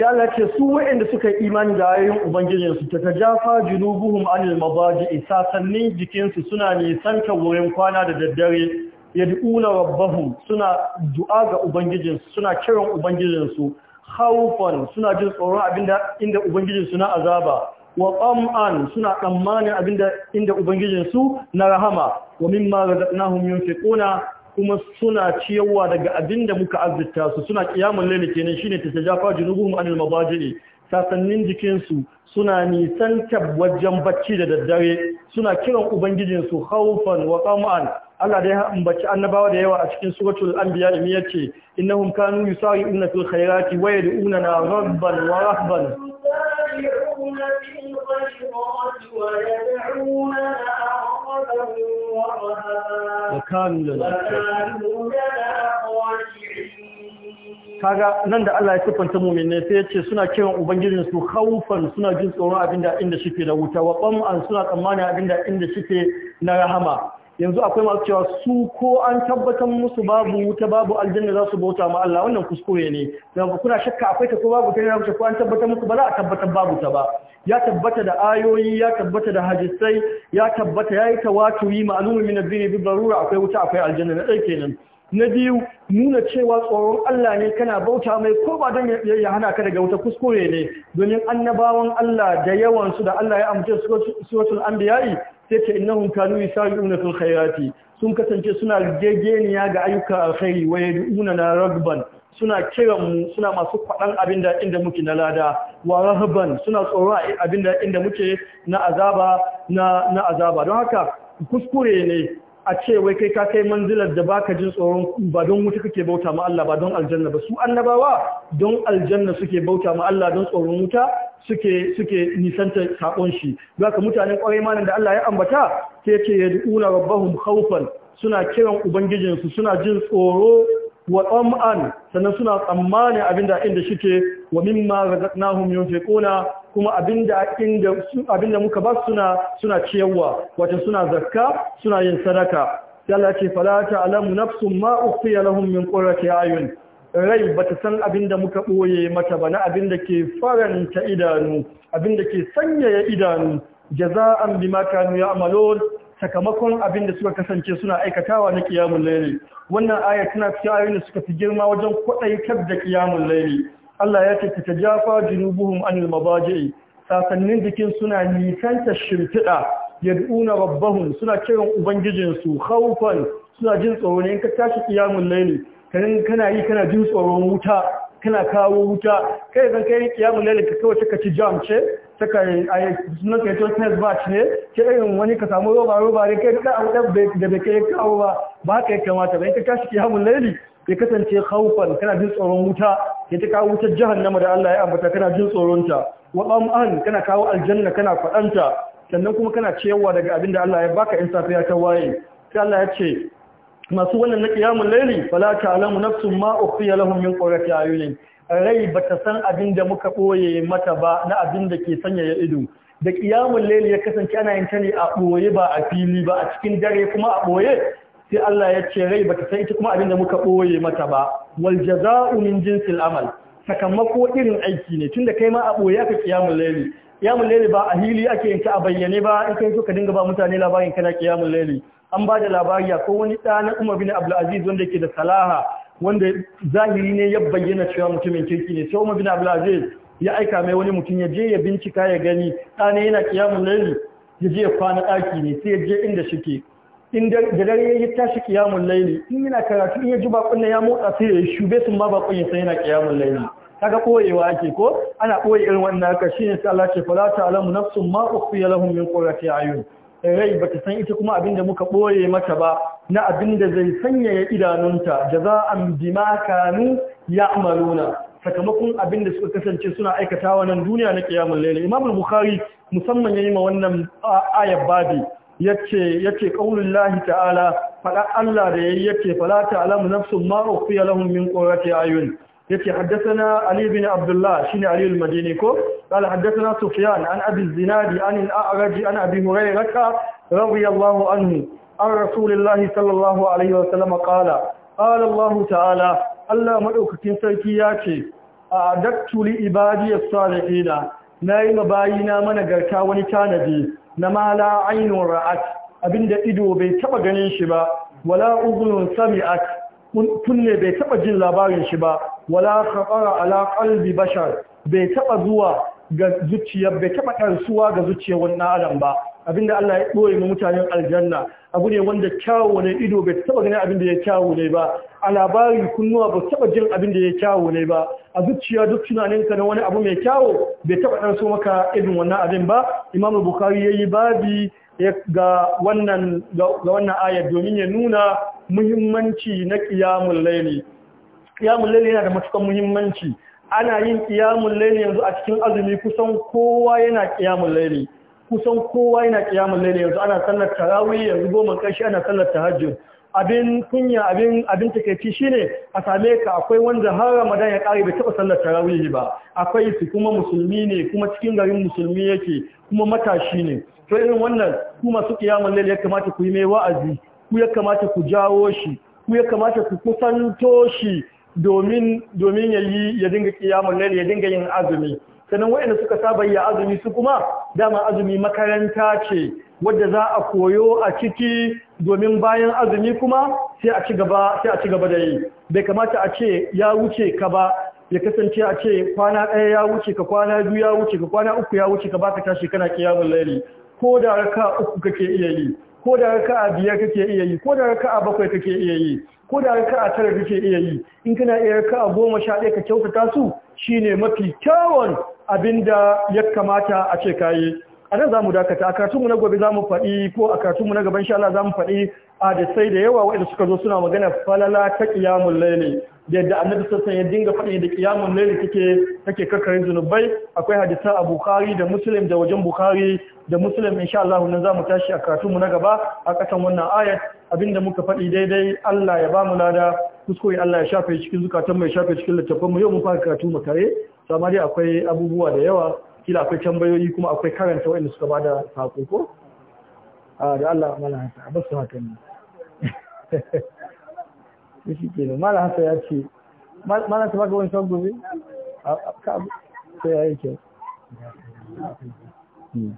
sai Allah ce su waɗanda suka yi imani da ayoyin ubangijinsu ta tajafa junubuhum anil mabaji Sassanin jikinsu suna nisanta wurin kwana da daddare yad'una rabbahum suna du'a ga ubangijinsu suna kiran ubangijinsu khawfan suna jin tsoron abinda inda ubangijinsu na azaba wa qam'an suna tsammanin abinda inda ubangijinsu na rahama wa mimma razaqnahum yunfiquna kuma suna ciyarwa daga abin da muka azurta su suna kiyamun laili kenan shine ta tajafa junubuhum anil mabaji'i sasannin jikinsu suna nisan wajen bacci da daddare suna kiran ubangijinsu haufan wa qama'an Allah dai ambaci annabawa da yawa a cikin suratul anbiya da miyar ce innahum kanu yusari'una fil khairati wa yad'una na rabban wa rahban yusari'una fil khairati wa yad'una kaga nan da Allah ya siffanta mu'minai sai ya ce suna kiran ubangijin su khaufan suna jin tsoron abinda inda ke da wuta wa qam'an suna tsammani abinda inda ke na rahama yanzu akwai masu cewa su ko an tabbatar musu babu wuta babu aljanna za su bauta ma Allah wannan kuskure ne dan kuna shakka akwai ta ko babu ta ne ko an tabbatar musu ba za a tabbatar babu ta ba ya tabbata da ayoyi ya tabbata da hadisai ya tabbata yayi tawaturi ma'lumun min ad-din bi darura akwai wuta akwai aljanna na dai kenan na biyu nuna cewa tsoron Allah ne kana bauta mai ko ba don ya hana ka daga wuta kuskure ne domin annabawan Allah da yawansu da Allah ya amince suratul anbiya'i sai ce innahum kanu yusari'una fil khairati sun kasance suna gegeniya ga ayyuka alkhairi wa yad'una na ragban suna kiran mu suna masu kwadan abinda inda muke na lada wa rahban suna tsoro abinda inda muke na azaba na na azaba don haka kuskure ne a ce wai kai ka kai manzilar da baka jin tsoron ba don wuta kake bauta ma Allah ba don aljanna ba su annabawa don aljanna suke bauta ma Allah don tsoron wuta suke suke nisanta sakon shi zaka mutanen kwarai manan da Allah ya ambata sai yace duuna rabbahum khawfan suna kiran ubangijinsu suna jin tsoro wa tsam'an sannan suna tsammanin abinda inda shike wa mimma razaqnahum yunfiquna kuma abinda inda abinda muka ba suna suna ciyarwa wato suna zakka suna yin sadaka Allah ya ce fala ta'lamu nafsun ma ukhfiya lahum min qurrati ayun rai ba ta san abin da muka ɓoye mata ba na abin da ke faranta idanu abin da ke sanyaya idanu jaza'an bi makanu ya amalon sakamakon abin da suka kasance suna aikatawa na kiyamun laili wannan aya tana cikin ayoyin da suka fi girma wajen kwaɗaitar da kiyamun laili Allah ya ce ta jafa junubuhum anil mabaji'i sasannin jikin suna nisanta shimfiɗa yad'una rabbahum suna kiran ubangijinsu khawfan suna jin tsoro ne in ka tashi kiyamun laili kanin kana yi kana jin tsoron wuta kana kawo wuta kai zan kai kiyamun lalle ka kawai ka ci jam ce saka ai sunan kai to test batch ne ke irin wani ka samu roba roba ne kai da abu da bai kai kawo ba ba ka kamata ba in ka tashi kiyamun lalle ya kasance khaufan kana jin tsoron wuta ya ta kawo wutar jahannama da Allah ya ambata kana jin ta wa an kana kawo aljanna kana fadanta sannan kuma kana cewa daga abin da Allah ya baka in safiya ta waye sai Allah ya ce masu wannan na qiyamul Wala fala ta'lamu nafsun ma ukhfiya lahum min qurrati ayunin rai bata san abin da muka boye mata ba na abin da ke sanya ya ido da kiyamun leli ya kasance ana yin ta ne a boye ba a fili ba a cikin dare kuma a boye sai Allah ya ce rai bata san ita kuma abin da muka boye mata ba wal jazaunin min jinsil amal sakamako irin aiki ne tunda kai ma a boye aka kiyamun laili kiyamun leli ba a hili ake yin ta a bayyane ba in kai so ka dinga ba mutane labarin kana kiyamun laili an ba da labari ko wani ɗa na Umar bin Abdulaziz wanda ke da salaha wanda zahiri ne ya bayyana cewa mutumin kirki ne sai Umar bin Abdulaziz ya aika mai wani mutum ya je ya bincika ya gani ɗa yana kiyamun laili ya je ya kwana ɗaki ne sai ya je inda shike inda da dare ya tashi kiyamun laili in yana karatu in ya ji bakon ya motsa sai ya shube sun ma bakon ya sai yana kiyamun laili kaga koyewa ake ko ana koyi irin wannan haka shine sai Allah ce fala ta'lamu nafsun ma ukhfiya lahum min qurrati ayun rai bata san ita kuma abinda muka ɓoye mata ba na abinda zai sanyaya idanunta a bima kanu ya'maluna sakamakon abin da suka kasance suna aikatawa nan duniya na kiyamun laila imam bukhari musamman ya yi ma wannan ayat babi yace yace Lahi ta'ala faɗa Allah da yayi yace Falata alamu nafsun ma ukhfiya lahum min qurrati ayun yake haddathana ali ibn abdullah shine ali al-madini ko qala haddathana sufyan an abi zinadi an al-a'raji an abi hurayra radiyallahu anhu an rasulillahi sallallahu alayhi wa sallam qala qala allah ta'ala allah madaukakin sarki yace adattu li ibadi as-salihin nayi mabayina managarta wani tanadi. na mala aynun ra'at abinda ido bai taba ganin shi ba wala udhun sami'at kunne bai taba jin labarin shi ba wala khabara ala qalbi bashar bai taba zuwa ga zuciya bai taba karsuwa ga zuciyar wannan adam ba abinda Allah ya boye mu mutanen aljanna abu ne wanda kyawu ne ido bai taba ganin abinda ya kyawu ne ba a labarin kunnuwa ba taba jin abinda ya kyawu ne ba a zuciya duk tunanin ka na wani abu mai kyawu bai taba dan so maka irin wannan abin ba imam bukhari yayi babi ga wannan ga wannan ayar domin ya nuna muhimmanci na qiyamul layli qiyamul layl yana da matukar muhimmanci ana yin qiyamul layl yanzu a cikin azumi kusan kowa yana qiyamul layl kusan kowa yana qiyamul layl yanzu ana sallar tarawih yanzu goma kashi ana sallar tahajjud abin kunya abin abin takeici shine a same ka akwai wanda har Ramadan ya kare bai taba sallar tarawih ba akwai su kuma musulmi ne kuma cikin garin musulmi yake kuma matashi ne to irin wannan ku masu kiyamun layl ya kamata ku yi mai wa'azi ku ya kamata ku jawo shi ku ya kamata ku kusanto shi domin ya dinga kiyamun lalai ya dinga yin azumi sannan wayanda suka saba yi azumi su kuma dama azumi makaranta ce wadda za a koyo a ciki domin bayan azumi kuma sai a ci gaba sai a ci gaba da yi bai kamata a ce ya wuce ka ba ya kasance a ce kwana ɗaya ya wuce ka kwana biyu ya wuce ka kwana uku ya wuce ka ba ka tashi kana kiyamun lalai ko da raka uku kake iya yi ko da raka biyar kake iya yi ko da raka bakwai kake iya yi ko da a tare kake iya yi in kana iya ka a goma sha ɗaya ka kyautata su shine mafi kyawun abinda ya kamata a ce kayi a nan za mu dakata a kartunmu na gobe za mu faɗi ko a kartunmu na gaban shala za mu faɗi a da sai da yawa waɗanda suka zo suna magana falala ta ƙiyamun laili yadda annabi sassan ya dinga faɗi da ƙiyamun laili take take kakkarin zunubai akwai hadisa a bukhari da muslim da wajen bukhari da muslim insha Allah nan za mu tashi a kartunmu na gaba a ƙasan wannan ayat abinda muka faɗi daidai Allah ya ba mu lada kuskure Allah ya shafe cikin zukatan mai shafe cikin littafin mu yau mu fara karatu mu kare amma akwai abubuwa da yawa kila akwai tambayoyi kuma akwai karanta wa'inda suka ba da sakoko? a da Allah mala hasa a basu haka ne ya *laughs* shi ke mala hasa ya ce mala hasa baka wani a ka abu sai ya yi kyau hmm.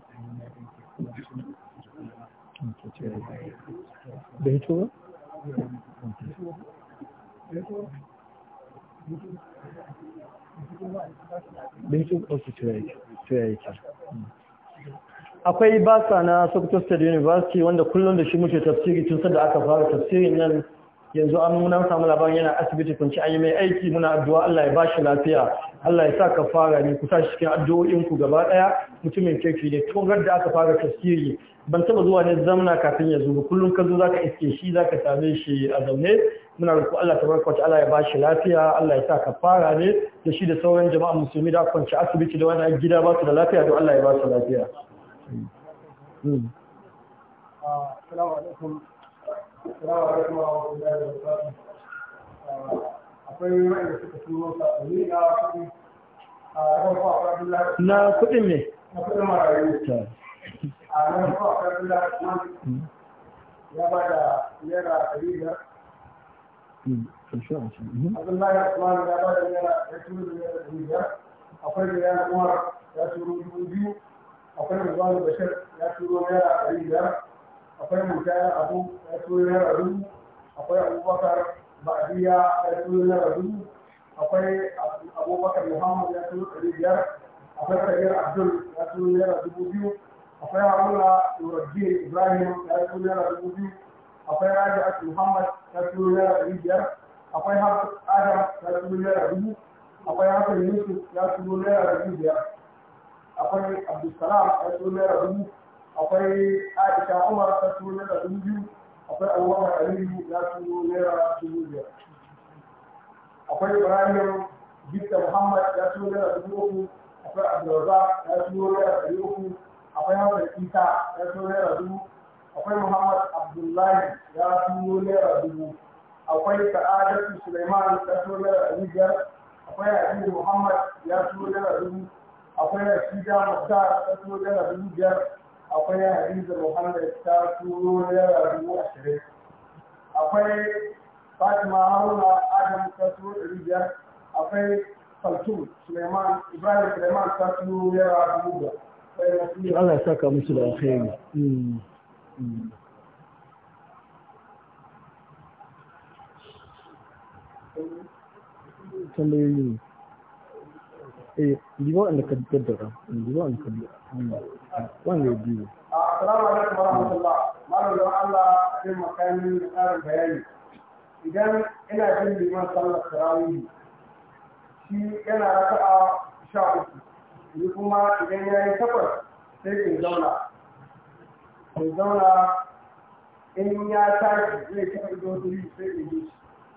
da hito ba? da hito ba? ok, cewa ya kyau sai akwai basa na Sokoto State University wanda kullum da shi muke tafsiri tun sanda aka fara tafsirin nan yanzu an muna samu labarin yana asibiti kunci an yi mai aiki muna addu'a Allah ya ba shi lafiya Allah ya sa ka fara ne ku tashi cikin addu'o'in ku gaba daya mutumin kirki ne tun da aka fara tasiri ban taba zuwa ne zamna kafin ya zo kullum ka zo zaka iske shi zaka same shi a zaune muna roƙo Allah tabaraka wa ta'ala ya ba shi lafiya Allah ya sa ka fara ne da shi da sauran jama'a musulmi da kwanci asibiti da a gida ba su da lafiya to Allah ya ba su lafiya. Hmm. Hmm. Assalamu alaikum Salamu alaikum wa rahmatullahi wa barakatuh. Akwai suka turo sakonni na kuɗi. Na kuɗin ne? Na kuɗin marayu. A nan kuma akwai mm. ya ba da naira ɗari biyar. Mm. Mm-hmm. Abdullahi Usman ya ba da naira ya da naira ɗari biyar. Akwai da yana ya turo dubu biyu. Akwai da Zuwa Bashir ya turo naira ɗari biyar. akwai mutane abu sunan rabu akwai abubakar ba'adiyya ya sunan rabu akwai abubakar muhammad ya sunan ɗari biyar akwai kabir abdul ya sunan naira dubu biyu akwai haruna nurajji ibrahim ya sunan naira dubu biyu akwai raja muhammad ya sunan naira ɗari biyar akwai hafiz adam ya sunan naira dubu akwai hafiz yusuf ya sunan naira dubu biyar akwai abdulsalam ya sunan naira dubu akwai aisha umar ta turo naira dubu biyu akwai abubakar aliyu ya turo naira dubu biyar akwai ibrahim gifta muhammad ya turo naira dubu uku akwai abdulrazak ya turo naira ɗari uku akwai hamza isa ya turo naira dubu akwai muhammad abdullahi ya turo naira dubu akwai sa'adatu suleiman ya turo naira ɗari biyar akwai yaƙi muhammad ya turo naira dubu akwai rashida mukhtar ya turo naira dubu biyar akwai hadiza muhammad ta turo naira dubu ashirin akwai fatima haruna adam ta turo ɗari biyar akwai kaltum suleiman ibrahim suleiman ta turo naira dubu biyar Allah ya saka musu da mm. Mm. Tambayoyi eh libo an da ka daddara libo an ka wanda ya biyo ah, assalamu alaikum warahmatullah malam don Allah sai makamin da karin bayani idan ina jin liman sallar tarawih shi yana raka'a sha uku ni kuma idan ya yi takwas sai in zauna in zauna in ya tashi zai taɓa ido duri sai in yi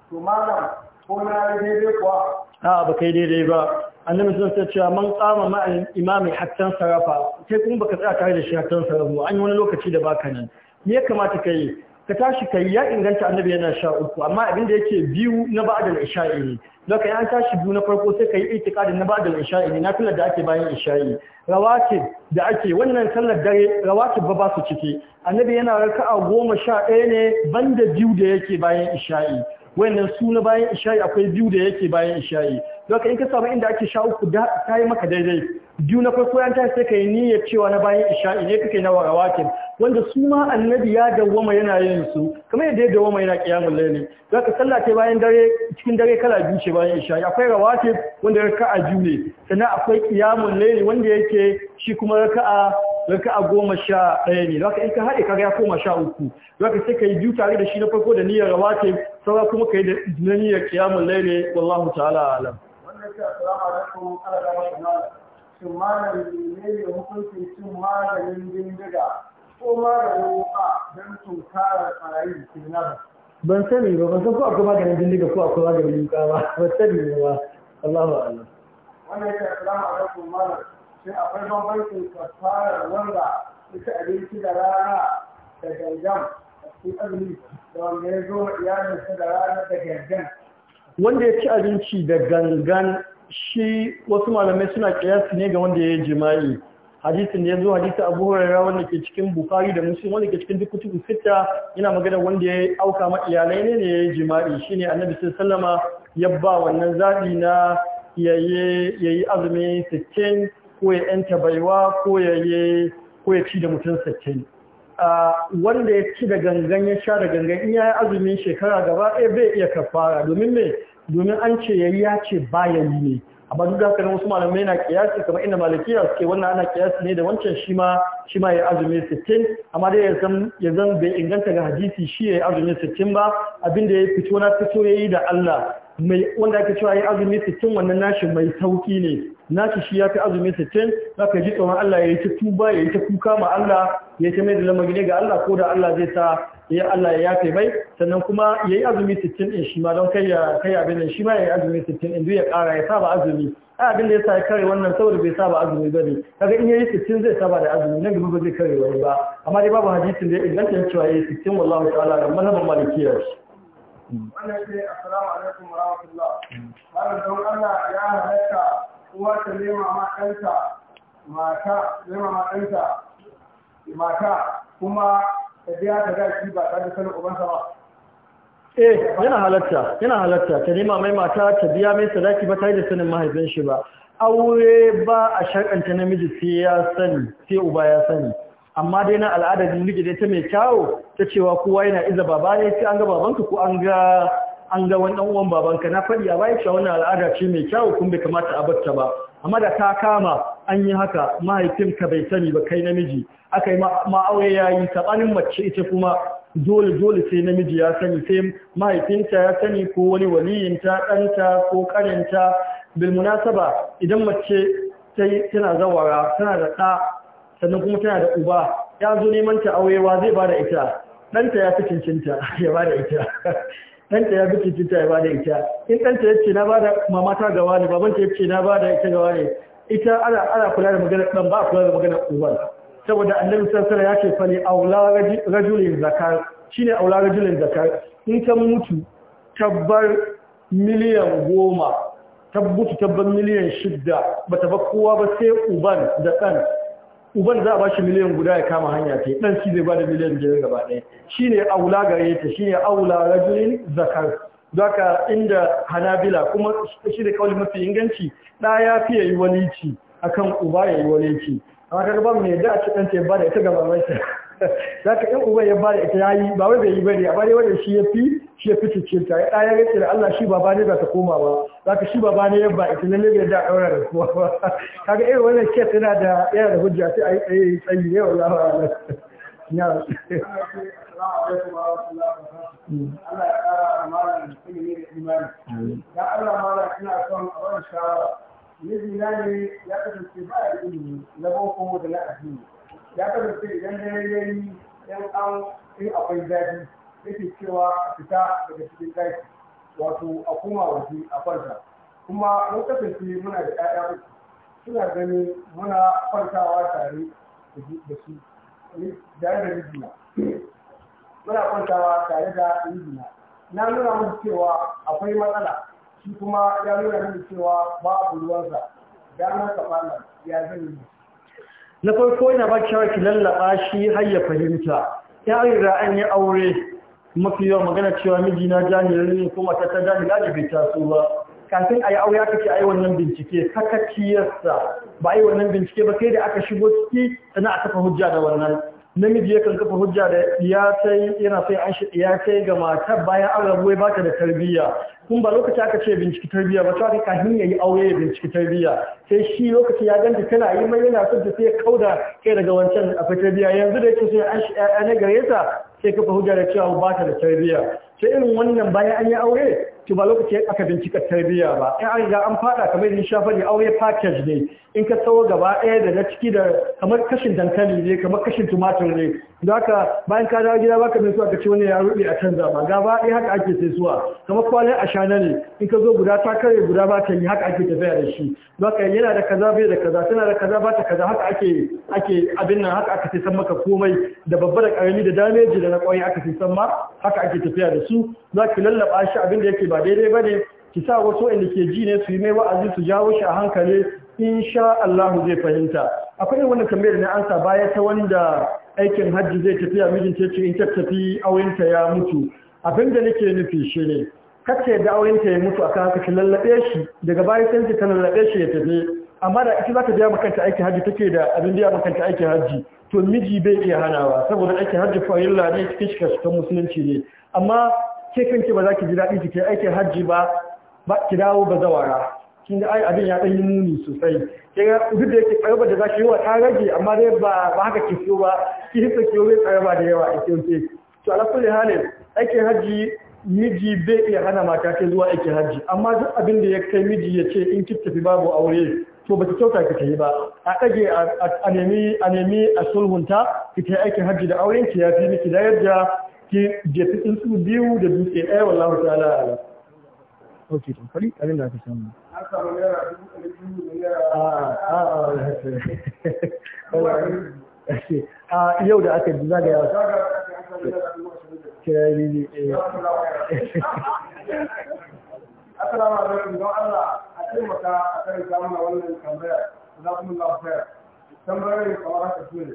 to malam ko na daidai kuwa a'a ba kai daidai ba annabi sun ta cewa man kama ma'al imami hattan sarafa sai kuma baka tsaya tare da shi hattan sarafa an yi wani lokaci da baka nan me ya kamata ka yi ka tashi yi. ya inganta annabi yana sha uku amma abin da yake biyu na ba'da isha'i ne don an tashi biyu na farko sai ka yi itikadi na ba'da isha'i ne nafilar da ake bayan isha'i rawatib da ake wannan sallar dare rawatib ba ba su ciki annabi yana raka'a goma sha ɗaya ne banda biyu da yake bayan isha'i wannan su na bayan isha'i akwai biyu da yake bayan isha'i don ka in ka samu inda ake sha uku ta yi maka daidai biyu na farko yan tashi sai ka yi niyyar cewa na bayan isha'i ne kake na warawakin wanda su ma annabi ya dawwama yana yin su kamar yadda ya dawwama yana kiyamun laili don ka sallah ta bayan dare cikin dare kala biyu ce bayan isha'i akwai rawatin wanda raka'a biyu ne sannan akwai kiyamun laili wanda yake shi kuma raka'a a goma sha ɗaya ne zaka in ka haɗe kaga ya koma sha uku zaka sai ka yi biyu tare da shi na farko da niyyar rawatib sauran kuma ka yi da niyyar qiyamul layli wallahu ta'ala alam wannan ne don ban sani ba ban san ko akwai maganin bindiga ko akwai maganin wuka ba ban sani ba Allahu a'lam wannan ce assalamu alaikum malam sai akwai bambancin kafarar wanda ita abinci da rana da gangan a cikin azumi da wanda ya zo iyalinsa da rana da gangan wanda ya ci abinci da gangan shi wasu malamai suna kiyasi ne ga wanda ya yi jima'i hadisin da ya zo hadisi abu hurara wanda ke cikin bukari da muslim wanda ke cikin dukkan kutubu sita yana magana wanda ya auka ma iyalai ne ne ya yi jima'i shine annabi sallama ya ba wannan zaɓi na yayi azumi sittin. ko ya yanta baiwa ko ya yi ko ya ci da mutum sattin wanda ya ci da gangan ya sha da gangan in ya yi azumin shekara gaba ɗaya bai iya kafara domin me domin an ce ya yi ya ce baya yi ne A bazu da haka wasu malamai na kiyasi kamar inda malikiya suke wannan ana kiyasi ne da wancan shi ma shi ma ya azumi sittin amma dai ya zan bai inganta ga hadisi shi ya yi azumin sittin ba abinda ya fito na fito ya yi da Allah mai wanda ake cewa ya yi azumin sittin, wannan nashi mai sauki ne nashi shi ya fi azumi za ka ji tsoron Allah ya yi ta tuba ya yi ta kuka ma Allah ya ta mai da gine ga Allah ko da Allah zai sa ya Allah ya yafe mai sannan kuma ya yi azumi sittin ɗin shi ma don kai ya kai abin nan shi ma ya yi azumi sittin ɗin duk ya ƙara ya saba azumi ai abin da ya sa ya kare wannan saboda bai saba azumi ba ne kaga in ya yi sittin zai saba da azumi nan gaba ba zai kare wani ba amma dai babu hadisin da ya inganta cewa ya yi 60 wallahi ta'ala ga manhaban malikiya wannan ce assalamu alaikum wa rahmatullah malam don Allah ya halatta uwa ta nema ma ɗanta mata nema ma mata kuma ta biya ta daki ba ta da sanin ubansa ba eh yana halatta yana halatta ta nema mai mata ta biya mai sadaki ba ta da sanin mahaifin shi ba aure ba a shakanta namiji sai ya sani sai uba ya sani amma dai na al'adar miji ta mai kyawo ta cewa kowa yana iza baba ne sai an ga babanka ko an ga an ga wani uwan babanka na faɗi a baya cewa wannan al'ada ce mai kyau kun bai kamata a batta ba amma da ta kama an yi haka mahaifinka bai sani ba kai namiji aka yi ma'aure ya yi saɓanin mace ita kuma dole dole sai namiji ya sani sai mahaifinta ya sani ko wani waliyinta ɗanta ko ƙaninta munasaba idan mace tana zawara tana da ɗa sannan kuma tana da uba ya zo neman ta aurewa zai ba da ita ɗanta ya fi cincinta *laughs* ya ba da ita ɗanta ya bi cuta ya bada ita in ɗanta ya ce na bada mamata ga ne. babanta ya ce na bada ita gawa ne. ita ana kula da magana ɗan ba a kula da magana uban saboda annabi sassara ya ce fali aula rajulin zakar shine aula rajulin zakar in ta mutu tabbar miliyan goma tabbutu tabbar miliyan shidda Bata ta ba kowa ba sai uban da ɗan uban za a ba shi miliyan guda ya kama hanya ta ɗan shi zai ba da miliyan biyar gaba ɗaya Shi ne aula gare ta ne aula rajulin zakar zaka inda hanabila kuma shi da kawai mafi inganci Ɗa ya fiye yi wani ci akan uba ya yi wani ci amma kaga ba mu da a ci dan ba da ita ga mamansa zaka in uban ya bada ita yayi ba wai bai yi bane amma dai wannan shi ya fi shi yafi cikin ta ya daya yake da Allah shi baba ne ba ta koma ba zaka shi baba ne ya ba ita lalle bai da daura da kuma ba *laughs* kaga irin wannan ke tana da yana da hujja sai yi tsaye tsayi ne wallahi Allah ya Allah ya kara amalan ilimi da imani ya Allah malam ina son a wannan shawara na ne ya kasance ba ilimi na boko da na addini ya kasance idan dare ya yi yan an in akwai zafi yake cewa a fita daga cikin ɗaki wato a koma waje a farka kuma mun kasance muna da ƴaƴa uku suna ganin muna farkawa tare da su tare eh, da rijina muna kwantawa tare da mijina na nuna musu cewa akwai matsala shi kuma ya nuna mini cewa ba babu ruwansa damar kafalar ya zan yi na farko yana ba shawar ki lallaba shi har ya fahimta ya da an yi aure mafi yawan magana cewa miji na jami'ar ne kuma ta ta jahila da bai taso ba kafin a yi aure aka ce a wannan bincike kakaciyarsa ba a yi wannan bincike ba sai da aka shigo ciki sannan a kafa hujja da wannan namiji yakan kafa hujja da ya sai yana sai an shi ya sai ga matar bayan an rabu ya baka da tarbiyya kun ba lokaci aka ce binciki tarbiyya ba ta ka ya yi aure ya binciki tarbiyya sai shi lokaci ya ganta tana yi mai yana son ta sai kauda kai daga wancan akwai tarbiyya yanzu da yake sai an shi ya ne gare ta sai kafa hujja da cewa ba da tarbiyya sai irin wannan bayan an yi aure to ba ya aka bincika tarbiyya ba in an ga an fada kamar yin shafari aure package ne in ka tsawo gaba ɗaya da na ciki da kamar kashin dankali ne kamar kashin tumatur ne da haka bayan ka dawo gida baka mai suwa ka ci wani ya rubi a canza ba gaba ɗaya haka ake sai suwa kamar a shana ne in ka zo guda ta kare guda ba ta yi haka ake tafiya da shi da haka yana da kaza bai da kaza tana da kaza ba ta kaza haka ake ake abin nan haka aka sai san maka komai da babba da karami da dameji da na kwai aka sai san ma haka ake tafiya da su za ki lallaba shi abin da yake ba daidai ba ne ki sa wasu inda ke ji ne su yi mai wa'azi su jawo shi a hankali insha Allah zai fahimta akwai wani tambayar na ansa baya ta wanda aikin hajji zai tafi mijinta ya ce in ta tafi auyenta ya mutu abin da nake nufi shi ne kace da auyenta ya mutu akan haka ki lallabe shi daga baya sai ta lallabe shi ya tafi amma da ita za ta biya makanta aikin hajji take da abin da ya makanta aikin hajji to miji bai iya hanawa saboda aikin hajji farilla ne cikin shiga musulunci ne amma ke kanki ba za ki ji daɗi ki aikin hajji ba ba ki dawo ba zawara kin da ai abin ya ɗan yi muni sosai ke ga duk da yake tsaraba da za ki yi wa ta rage amma dai ba ba haka ki so ba ki hisa ki yi ba da yawa a kin to ala kulli halin aikin hajji miji bai iya hana mata ta zuwa aikin hajji amma duk abin da ya kai miji ya ce in ki tafi babu aure to ba ta kyauta ki ta yi ba a ɗage a nemi a sulhunta ki ta aikin hajji da auren ki ya fi miki da yadda ki jefi tsuntsu biyu da dutse ɗaya wallahu ta'ala ala ok to kari abin da aka samu a yau da aka ji zagaya kirari ne eh. Assalamu alaikum don Allah a taimaka a kan samun wannan tambaya za kuma lafiya tambayoyin kamar haka su ne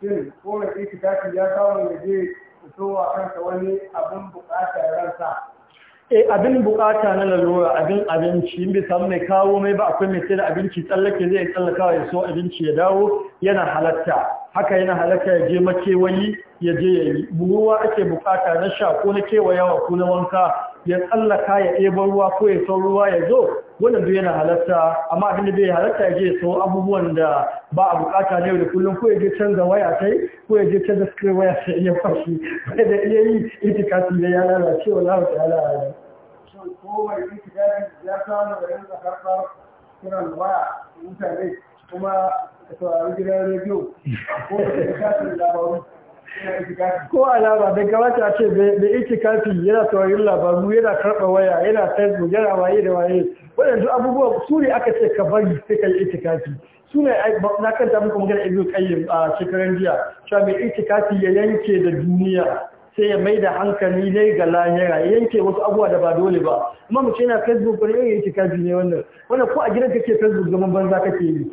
shin ko mai ta ya samu da je eh abin bukata na lalura abin abinci in bai mai kawo mai ba akwai mai sai da abinci tsallake zai tsallaka ya so abinci ya dawo yana halatta haka yana halatta ya je makewayi ya je ya yi ruwa ake bukata na sha ko na kewayawa ko na wanka ya tsallaka ya ɗeban ruwa ko ya son ruwa ya zo wannan duk yana halatta amma abin da bai halatta ya je sau abubuwan da ba a bukata ne da kullum ko ya je canza waya sai ko ya je canza screen waya sai ya fashi bai da iya yi itikafi ne ya lalace wa lahu ta'ala ala kowai itikafi ya samu da kiran waya mutane kuma sauraron gidan rediyo ko da itikafi labaru ko alama da kamata a ce bai itikafi yana saurayin labaru yana karɓa waya yana facebook yana waye da waye waɗansu abubuwa su ne aka ce ka bari sai ka yi itikafi su ne na kanta muka magana ibn qayyim a shekaran jiya cewa mai itikafi ya yanke da duniya sai ya mai da hankali ne ga lahira ya yanke wasu abubuwa da ba dole ba amma mu ce na facebook ne yayin itikafi ne wannan wannan ko a gidan kake facebook zaman banza kake yi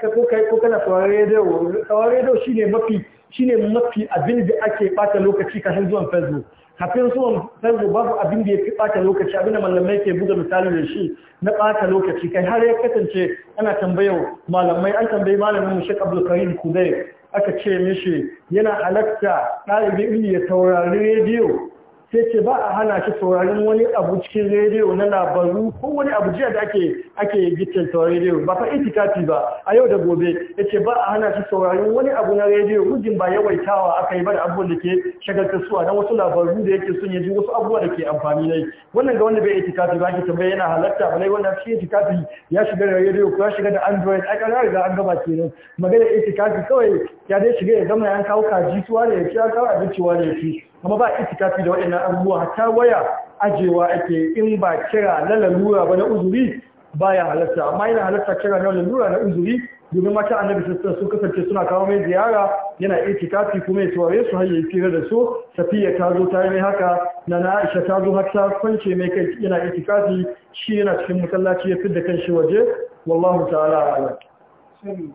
ko ko kana saurare da saurare da mafi shine mafi abin da ake bata lokaci kafin zuwan facebook kafin zuwan facebook babu abin da ya fi bata lokaci abin da malamai ke buga misali da shi na bata lokaci kai har ya kasance ana tambayar malamai an tambayi malamin mu Sheikh Abdul Karim Kudai aka ce mishi yana halatta ɗalibin ilmi ya taurari rediyo sai ce ba a hana shi saurarin wani abu cikin rediyo na labaru ko wani abu jiya da ake ake gittin rediyo ba fa itikafi ba a yau da gobe ya ce ba a hana shi saurarin wani abu na rediyo mujin ba yawaitawa aka yi ba da abubuwan da ke shagaltar suwa dan wasu labaru da yake son ya wasu abubuwa da ke amfani ne wannan ga wanda bai itikafi ba ke tambaya yana halatta ba lai wannan shi itikafi ya shiga da rediyo ko ya shiga da android a kan riga an gaba kenan magana itikafi kawai ya dai shiga ya zama ya kawo kaji tuwa ne ya ci kawo abinci wa ne ya ci kuma ba itikafi da waɗannan abubuwa ta waya ajewa ake in ba kira na lalura ba na uzuri ba ya halatta amma yana halatta kira na lalura na uzuri domin mata annabi sassan sun kasance suna kawo mai ziyara yana itikafi kuma ya tuware su har yayi fira da su safiya ta zo ta yi mai haka na na'aisha aisha ta zo har ta mai kai yana itikafi shi yana cikin masallaci ya da kan shi waje wallahu ta'ala a'lam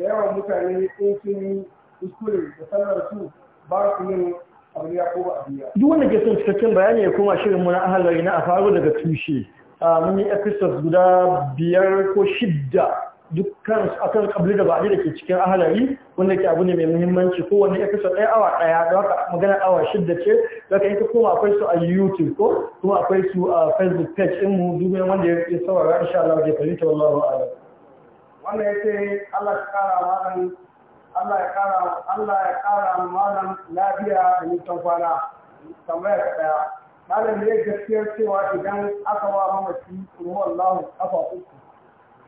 da yawan mutane in sun yi kuskure da sallar su ba su yin abu ya ko ba abu duk wanda ke son cikakken bayani ya koma shirin mu na ahalari na a faru daga tushe mun yi episodes guda biyar ko shidda dukkan akan kabli da ba'adi da ke cikin ahalari wanda ke abu ne mai muhimmanci ko wani episode ɗaya awa ɗaya da haka magana awa shidda ce da ka yanka koma akwai su a youtube ko kuma akwai su a facebook page ɗin mu duk wanda ya saurara insha Allah ya fahimta wallahu a'lam wannan ya ce Allah ya kara malam Allah ya kara Allah ya kara malam lafiya da nisan kwana tambaya ta daya malam ne gaskiyar cewa idan aka wa mamaci ruhu Allah kafa uku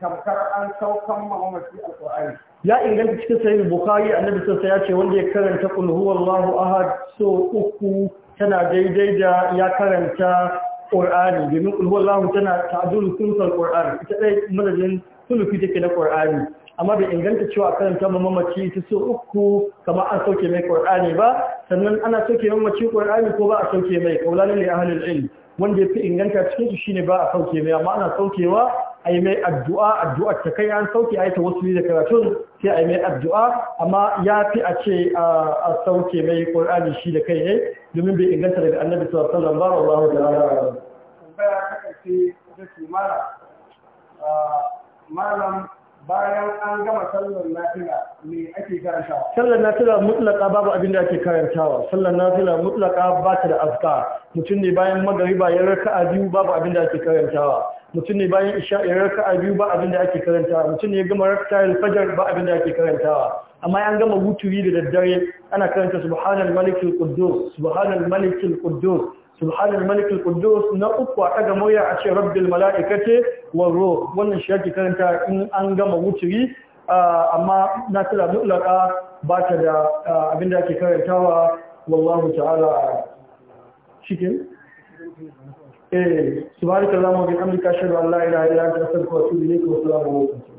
tamkar an saukan mamaci alqur'ani ya inganta cikin sahih bukhari annabi sallallahu ya ce wanda ya karanta qul huwallahu ahad so uku tana daidai da ya karanta Qur'ani domin qul huwallahu tana ta'dul sunnal Qur'an ita dai madadin sulufi take na Qur'ani amma bai inganta cewa karanta ma mamaci ta so uku kamar an sauke mai Qur'ani ba sannan ana sauke mamaci Qur'ani ko ba a sauke mai kaulanin a halin ilm wanda ya fi inganta cikin su shine ba a sauke mai amma ana saukewa ai mai addu'a addu'a ta kai an sauke ai ta wasu da karatun sai ai mai addu'a amma yafi a ce a sauke mai Qur'ani shi da kai ne domin bai inganta daga Annabi sallallahu alaihi wasallam ba wallahu ta'ala ba ta ce da kimara ah, malam bayan an gama sallar nafila me ake karantawa sallar nafila mutlaka babu abin da ake karantawa sallar nafila mutlaka ba ta da afka mutum ne bayan magariba ya raka a biyu babu abin da ake karantawa mutum ne bayan isha ya raka a biyu ba abin da ake karantawa mutum ne ya gama raka'a fajar ba abin da ake karantawa amma an gama wuturi da daddare ana karanta subhanal malikil quddus subhanal malikil quddus subhanal malik al na uku a daga murya a ce rabbil mala'ikati war ruh wannan shi yake karanta in an gama wuturi amma na tala mutlaka ba ta da abinda ake karantawa wallahu ta'ala shikin eh subhanaka wa bihamdika ashhadu an la ilaha illa anta astaghfiruka wa atubu ilayk wa assalamu alaikum